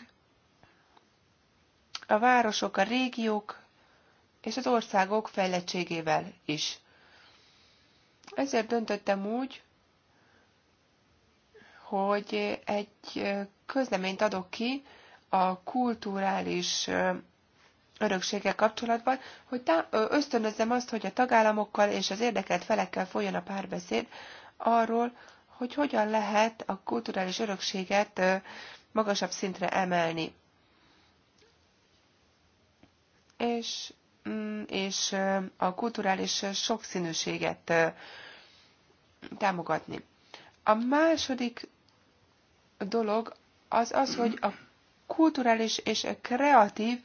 a városok, a régiók és az országok fejlettségével is. Ezért döntöttem úgy, hogy egy közleményt adok ki a kulturális örökséggel kapcsolatban, hogy ösztönözzem azt, hogy a tagállamokkal és az érdekelt felekkel folyjon a párbeszéd arról, hogy hogyan lehet a kulturális örökséget magasabb szintre emelni. És és a kulturális sokszínűséget támogatni. A második dolog az az, hogy a kulturális és kreatív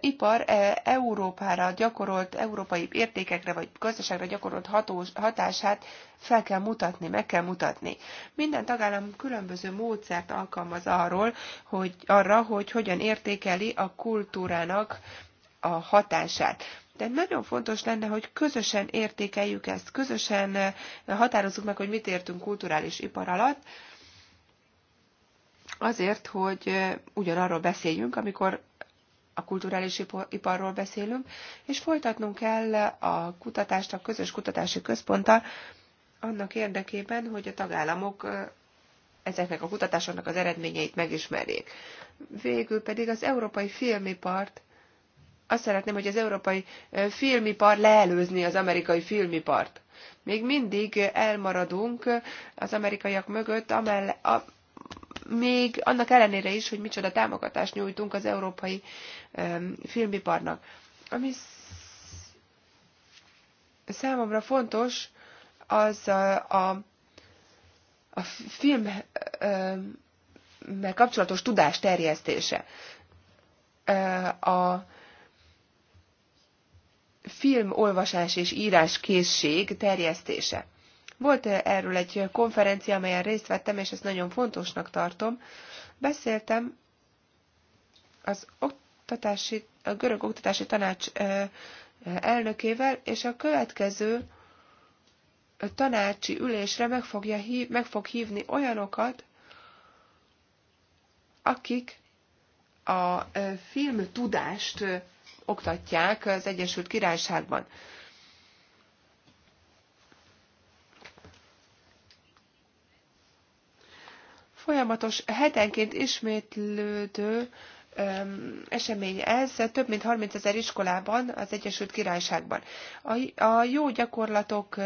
ipar Európára gyakorolt, európai értékekre vagy gazdaságra gyakorolt hatós, hatását fel kell mutatni, meg kell mutatni. Minden tagállam különböző módszert alkalmaz arról, hogy, arra, hogy hogyan értékeli a kultúrának a hatását de nagyon fontos lenne, hogy közösen értékeljük ezt, közösen eh, határozzuk meg, hogy mit értünk kulturális ipar alatt, azért, hogy eh, ugyanarról beszéljünk, amikor a kulturális iparról beszélünk, és folytatnunk kell a kutatást a közös kutatási központtal annak érdekében, hogy a tagállamok eh, ezeknek a kutatásoknak az eredményeit megismerjék. Végül pedig az európai filmipart azt szeretném, hogy az európai filmipar leelőzni az amerikai filmipart. Még mindig elmaradunk az amerikaiak mögött, amelle, a, még annak ellenére is, hogy micsoda támogatást nyújtunk az európai um, filmiparnak. Ami számomra fontos, az a, a, a film um, kapcsolatos tudás terjesztése. A filmolvasás és írás készség terjesztése. Volt eh, erről egy konferencia, amelyen részt vettem, és ezt nagyon fontosnak tartom. Beszéltem az oktatási, a görög oktatási tanács eh, elnökével, és a következő eh, tanácsi ülésre meg, fogja hív, meg fog hívni olyanokat, akik a filmtudást oktatják az Egyesült Királyságban. Folyamatos hetenként ismétlődő esemény ez, több mint 30 ezer iskolában az Egyesült Királyságban. A, jó gyakorlatok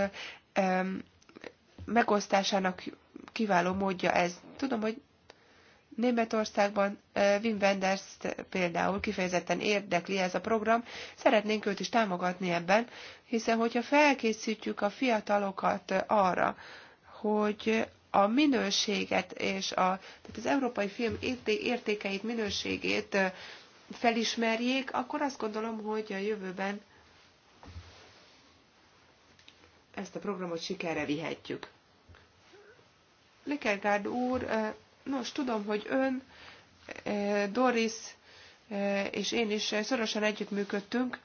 megosztásának kiváló módja ez. Tudom, hogy Németországban Wim Wenders például kifejezetten érdekli ez a program, szeretnénk őt is támogatni ebben, hiszen hogyha felkészítjük a fiatalokat arra, hogy a minőséget és a, tehát az európai film értékeit, minőségét felismerjék, akkor azt gondolom, hogy a jövőben ezt a programot sikerre vihetjük. Likergárd úr Nos, tudom, hogy ön, eh, Doris eh, és én is eh, szorosan együttműködtünk.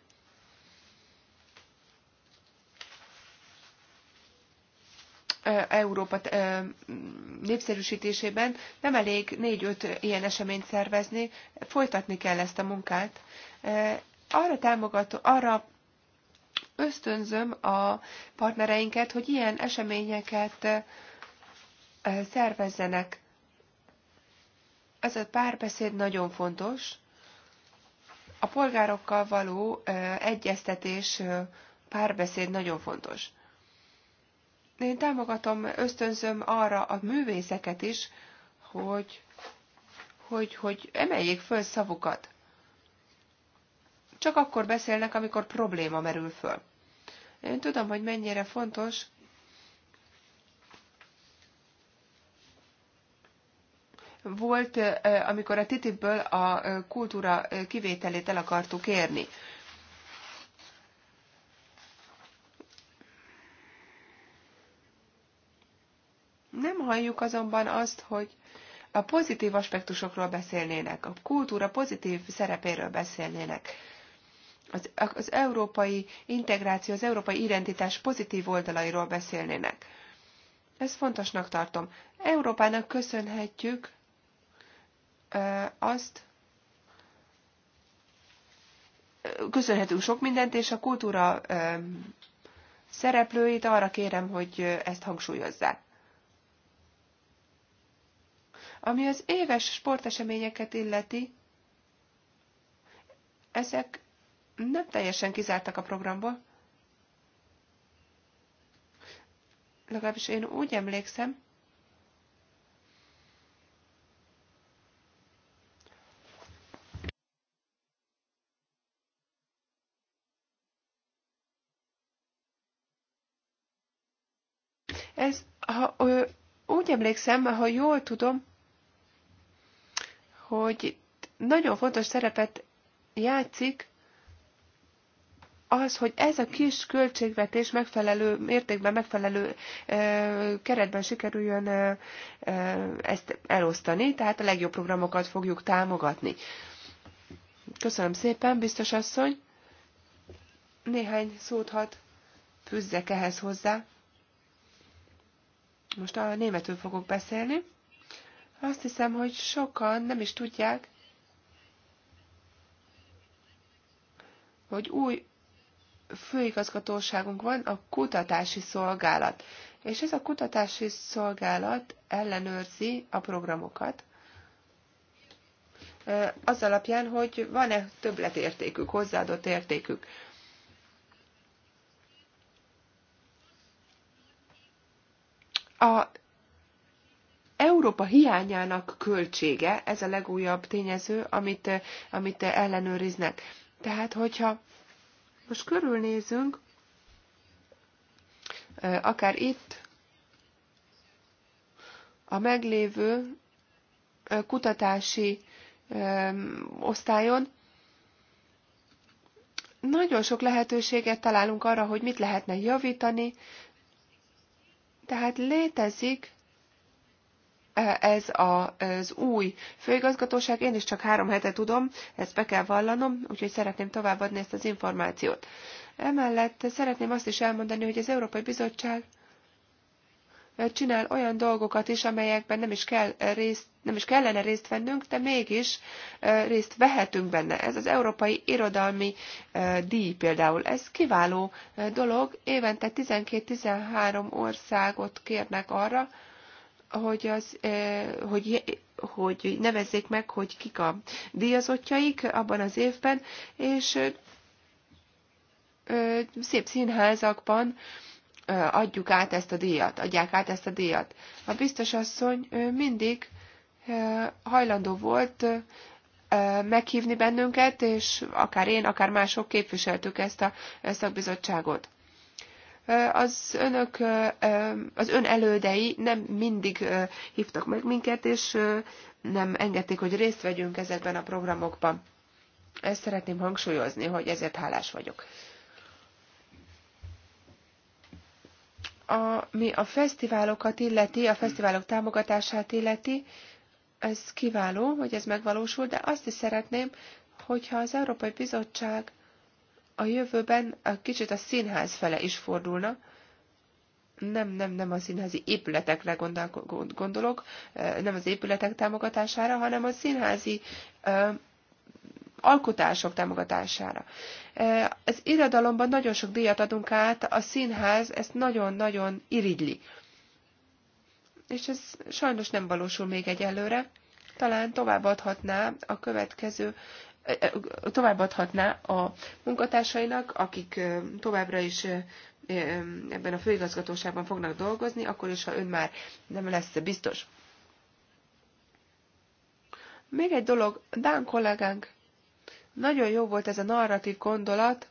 Európa népszerűsítésében nem elég négy-öt ilyen eseményt szervezni, folytatni kell ezt a munkát. Arra támogató, arra ösztönzöm a partnereinket, hogy ilyen eseményeket szervezzenek. Ez a párbeszéd nagyon fontos. A polgárokkal való egyeztetés, párbeszéd nagyon fontos. Én támogatom, ösztönzöm arra a művészeket is, hogy, hogy, hogy emeljék föl szavukat. Csak akkor beszélnek, amikor probléma merül föl. Én tudom, hogy mennyire fontos volt, amikor a TTIP-ből a kultúra kivételét el akartuk érni. Nem halljuk azonban azt, hogy a pozitív aspektusokról beszélnének, a kultúra pozitív szerepéről beszélnének. Az, az európai integráció, az európai identitás pozitív oldalairól beszélnének. Ez fontosnak tartom. Európának köszönhetjük azt, köszönhetünk sok mindent, és a kultúra szereplőit arra kérem, hogy ezt hangsúlyozzák. Ami az éves sporteseményeket illeti, ezek nem teljesen kizártak a programból. Legalábbis én úgy emlékszem, ha, úgy emlékszem, ha jól tudom, hogy nagyon fontos szerepet játszik az, hogy ez a kis költségvetés megfelelő, mértékben megfelelő ö, keretben sikerüljön ö, ö, ezt elosztani, tehát a legjobb programokat fogjuk támogatni. Köszönöm szépen, biztos asszony. Néhány szót hadd fűzzek ehhez hozzá. Most a németül fogok beszélni. Azt hiszem, hogy sokan nem is tudják, hogy új főigazgatóságunk van, a kutatási szolgálat. És ez a kutatási szolgálat ellenőrzi a programokat, az alapján, hogy van-e többletértékük, hozzáadott értékük. A Európa hiányának költsége, ez a legújabb tényező, amit, amit ellenőriznek. Tehát, hogyha most körülnézünk, akár itt, a meglévő kutatási osztályon, nagyon sok lehetőséget találunk arra, hogy mit lehetne javítani, tehát létezik ez az új főigazgatóság, én is csak három hete tudom, ezt be kell vallanom, úgyhogy szeretném továbbadni ezt az információt. Emellett szeretném azt is elmondani, hogy az Európai Bizottság csinál olyan dolgokat is, amelyekben nem is, kell részt, nem is kellene részt vennünk, de mégis részt vehetünk benne. Ez az Európai Irodalmi Díj például. Ez kiváló dolog. Évente 12-13 országot kérnek arra, hogy, az, hogy, hogy nevezzék meg, hogy kik a díjazottjaik abban az évben, és szép színházakban, adjuk át ezt a díjat, adják át ezt a díjat. A biztos asszony mindig hajlandó volt meghívni bennünket, és akár én, akár mások képviseltük ezt a szakbizottságot. Az önök, az ön elődei nem mindig hívtak meg minket, és nem engedték, hogy részt vegyünk ezekben a programokban. Ezt szeretném hangsúlyozni, hogy ezért hálás vagyok. Ami a fesztiválokat illeti, a fesztiválok támogatását illeti, ez kiváló, hogy ez megvalósul, de azt is szeretném, hogyha az Európai Bizottság a jövőben a kicsit a színház fele is fordulna, nem, nem, nem a színházi épületekre gondolok, eh, nem az épületek támogatására, hanem a színházi eh, alkotások támogatására. Az irodalomban nagyon sok díjat adunk át, a színház ezt nagyon-nagyon irigyli. És ez sajnos nem valósul még egyelőre. Talán továbbadhatná a következő továbbadhatná a munkatársainak, akik továbbra is ebben a főigazgatóságban fognak dolgozni, akkor is, ha ön már nem lesz biztos. Még egy dolog, Dán kollégánk nagyon jó volt ez a narratív gondolat,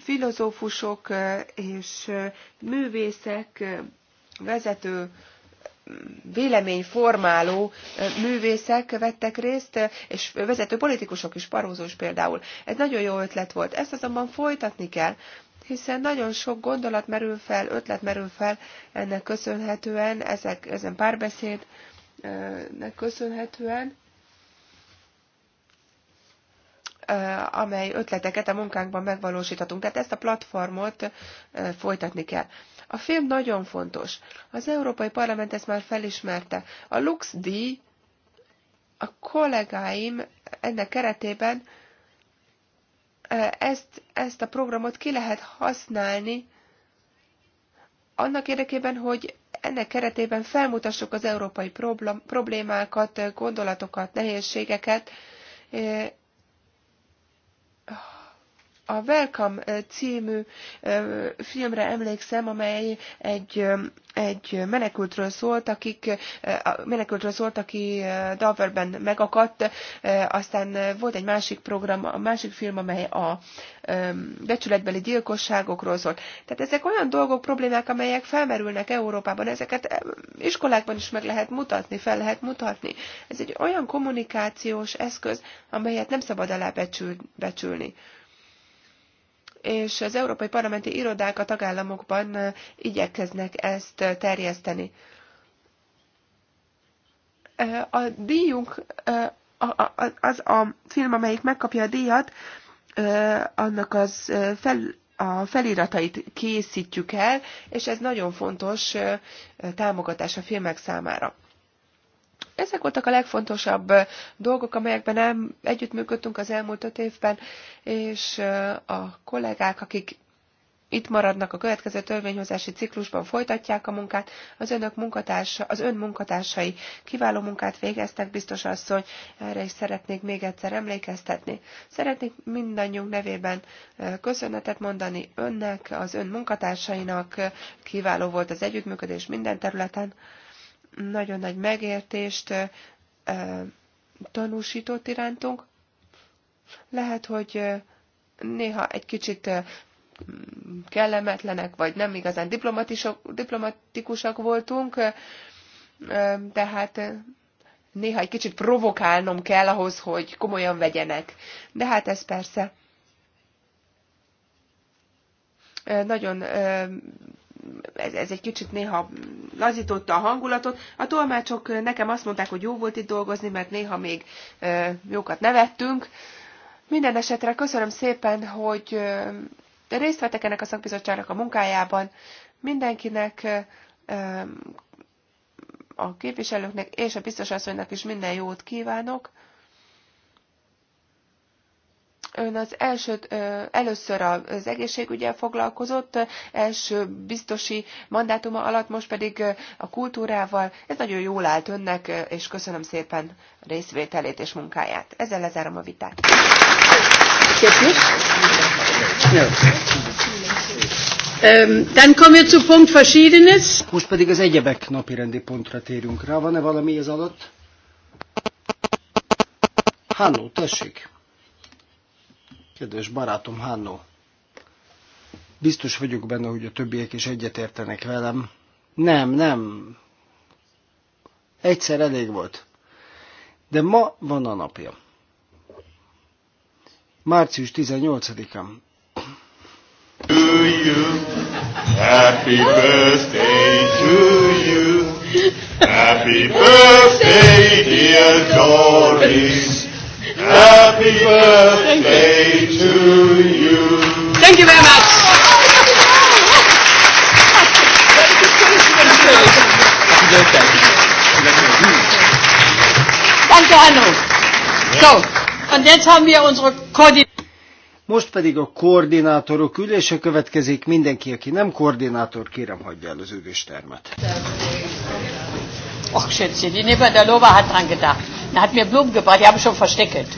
filozófusok és művészek, vezető véleményformáló művészek vettek részt, és vezető politikusok is, Parózós például. Ez nagyon jó ötlet volt. Ezt azonban folytatni kell, hiszen nagyon sok gondolat merül fel, ötlet merül fel ennek köszönhetően, ezek, ezen párbeszédnek köszönhetően amely ötleteket a munkánkban megvalósíthatunk. Tehát ezt a platformot folytatni kell. A film nagyon fontos. Az Európai Parlament ezt már felismerte. A LuxD, a kollégáim ennek keretében ezt, ezt a programot ki lehet használni annak érdekében, hogy ennek keretében felmutassuk az európai problémákat, gondolatokat, nehézségeket, Oh a Welcome című filmre emlékszem, amely egy, egy menekültről szólt, akik, a menekültről szólt, aki Doverben megakadt, aztán volt egy másik program, a másik film, amely a becsületbeli gyilkosságokról szólt. Tehát ezek olyan dolgok, problémák, amelyek felmerülnek Európában, ezeket iskolákban is meg lehet mutatni, fel lehet mutatni. Ez egy olyan kommunikációs eszköz, amelyet nem szabad becsülni és az európai parlamenti irodák a tagállamokban igyekeznek ezt terjeszteni. A díjunk, az a film, amelyik megkapja a díjat, annak az fel, a feliratait készítjük el, és ez nagyon fontos támogatás a filmek számára. Ezek voltak a legfontosabb dolgok, amelyekben nem együttműködtünk az elmúlt öt évben, és a kollégák, akik itt maradnak a következő törvényhozási ciklusban, folytatják a munkát. Az önök munkatársa, az ön munkatársai kiváló munkát végeztek, biztos asszony, erre is szeretnék még egyszer emlékeztetni. Szeretnék mindannyiunk nevében köszönetet mondani önnek, az ön munkatársainak, kiváló volt az együttműködés minden területen nagyon nagy megértést tanúsított irántunk. Lehet, hogy néha egy kicsit kellemetlenek, vagy nem igazán diplomatikusak voltunk, tehát néha egy kicsit provokálnom kell ahhoz, hogy komolyan vegyenek. De hát ez persze nagyon ez, ez egy kicsit néha lazította a hangulatot. A tolmácsok nekem azt mondták, hogy jó volt itt dolgozni, mert néha még jókat nevettünk. Minden esetre köszönöm szépen, hogy részt vettek ennek a szakbizottságnak a munkájában. Mindenkinek, a képviselőknek és a biztosasszonynak is minden jót kívánok. Ön az első, először az egészségügyel foglalkozott, első biztosi mandátuma alatt, most pedig a kultúrával. Ez nagyon jól állt önnek, és köszönöm szépen részvételét és munkáját. Ezzel lezárom a vitát. Ehm, dann kommen wir zu Punkt Verschiedenes. Most pedig az egyebek rendi pontra térünk rá. Van-e valami ez alatt? Hanno, tessék! Kedves barátom Hannó, biztos vagyok benne, hogy a többiek is egyetértenek velem. Nem, nem. Egyszer elég volt. De ma van a napja. Március 18-án. Happy birthday to you. Happy birthday, dear Doris. Happy birthday to you. Thank you very much. Danke, Hanno. So, und jetzt haben wir unsere Koordinatoren. Most pedig a koordinátorok ülése következik. Mindenki, aki nem koordinátor, kérem hagyja el az üléstermet. Ach Schätzchen, die nehmen der Nebadalova hat dran gedacht. Und hat mir Blumen gebracht, die haben schon versteckelt.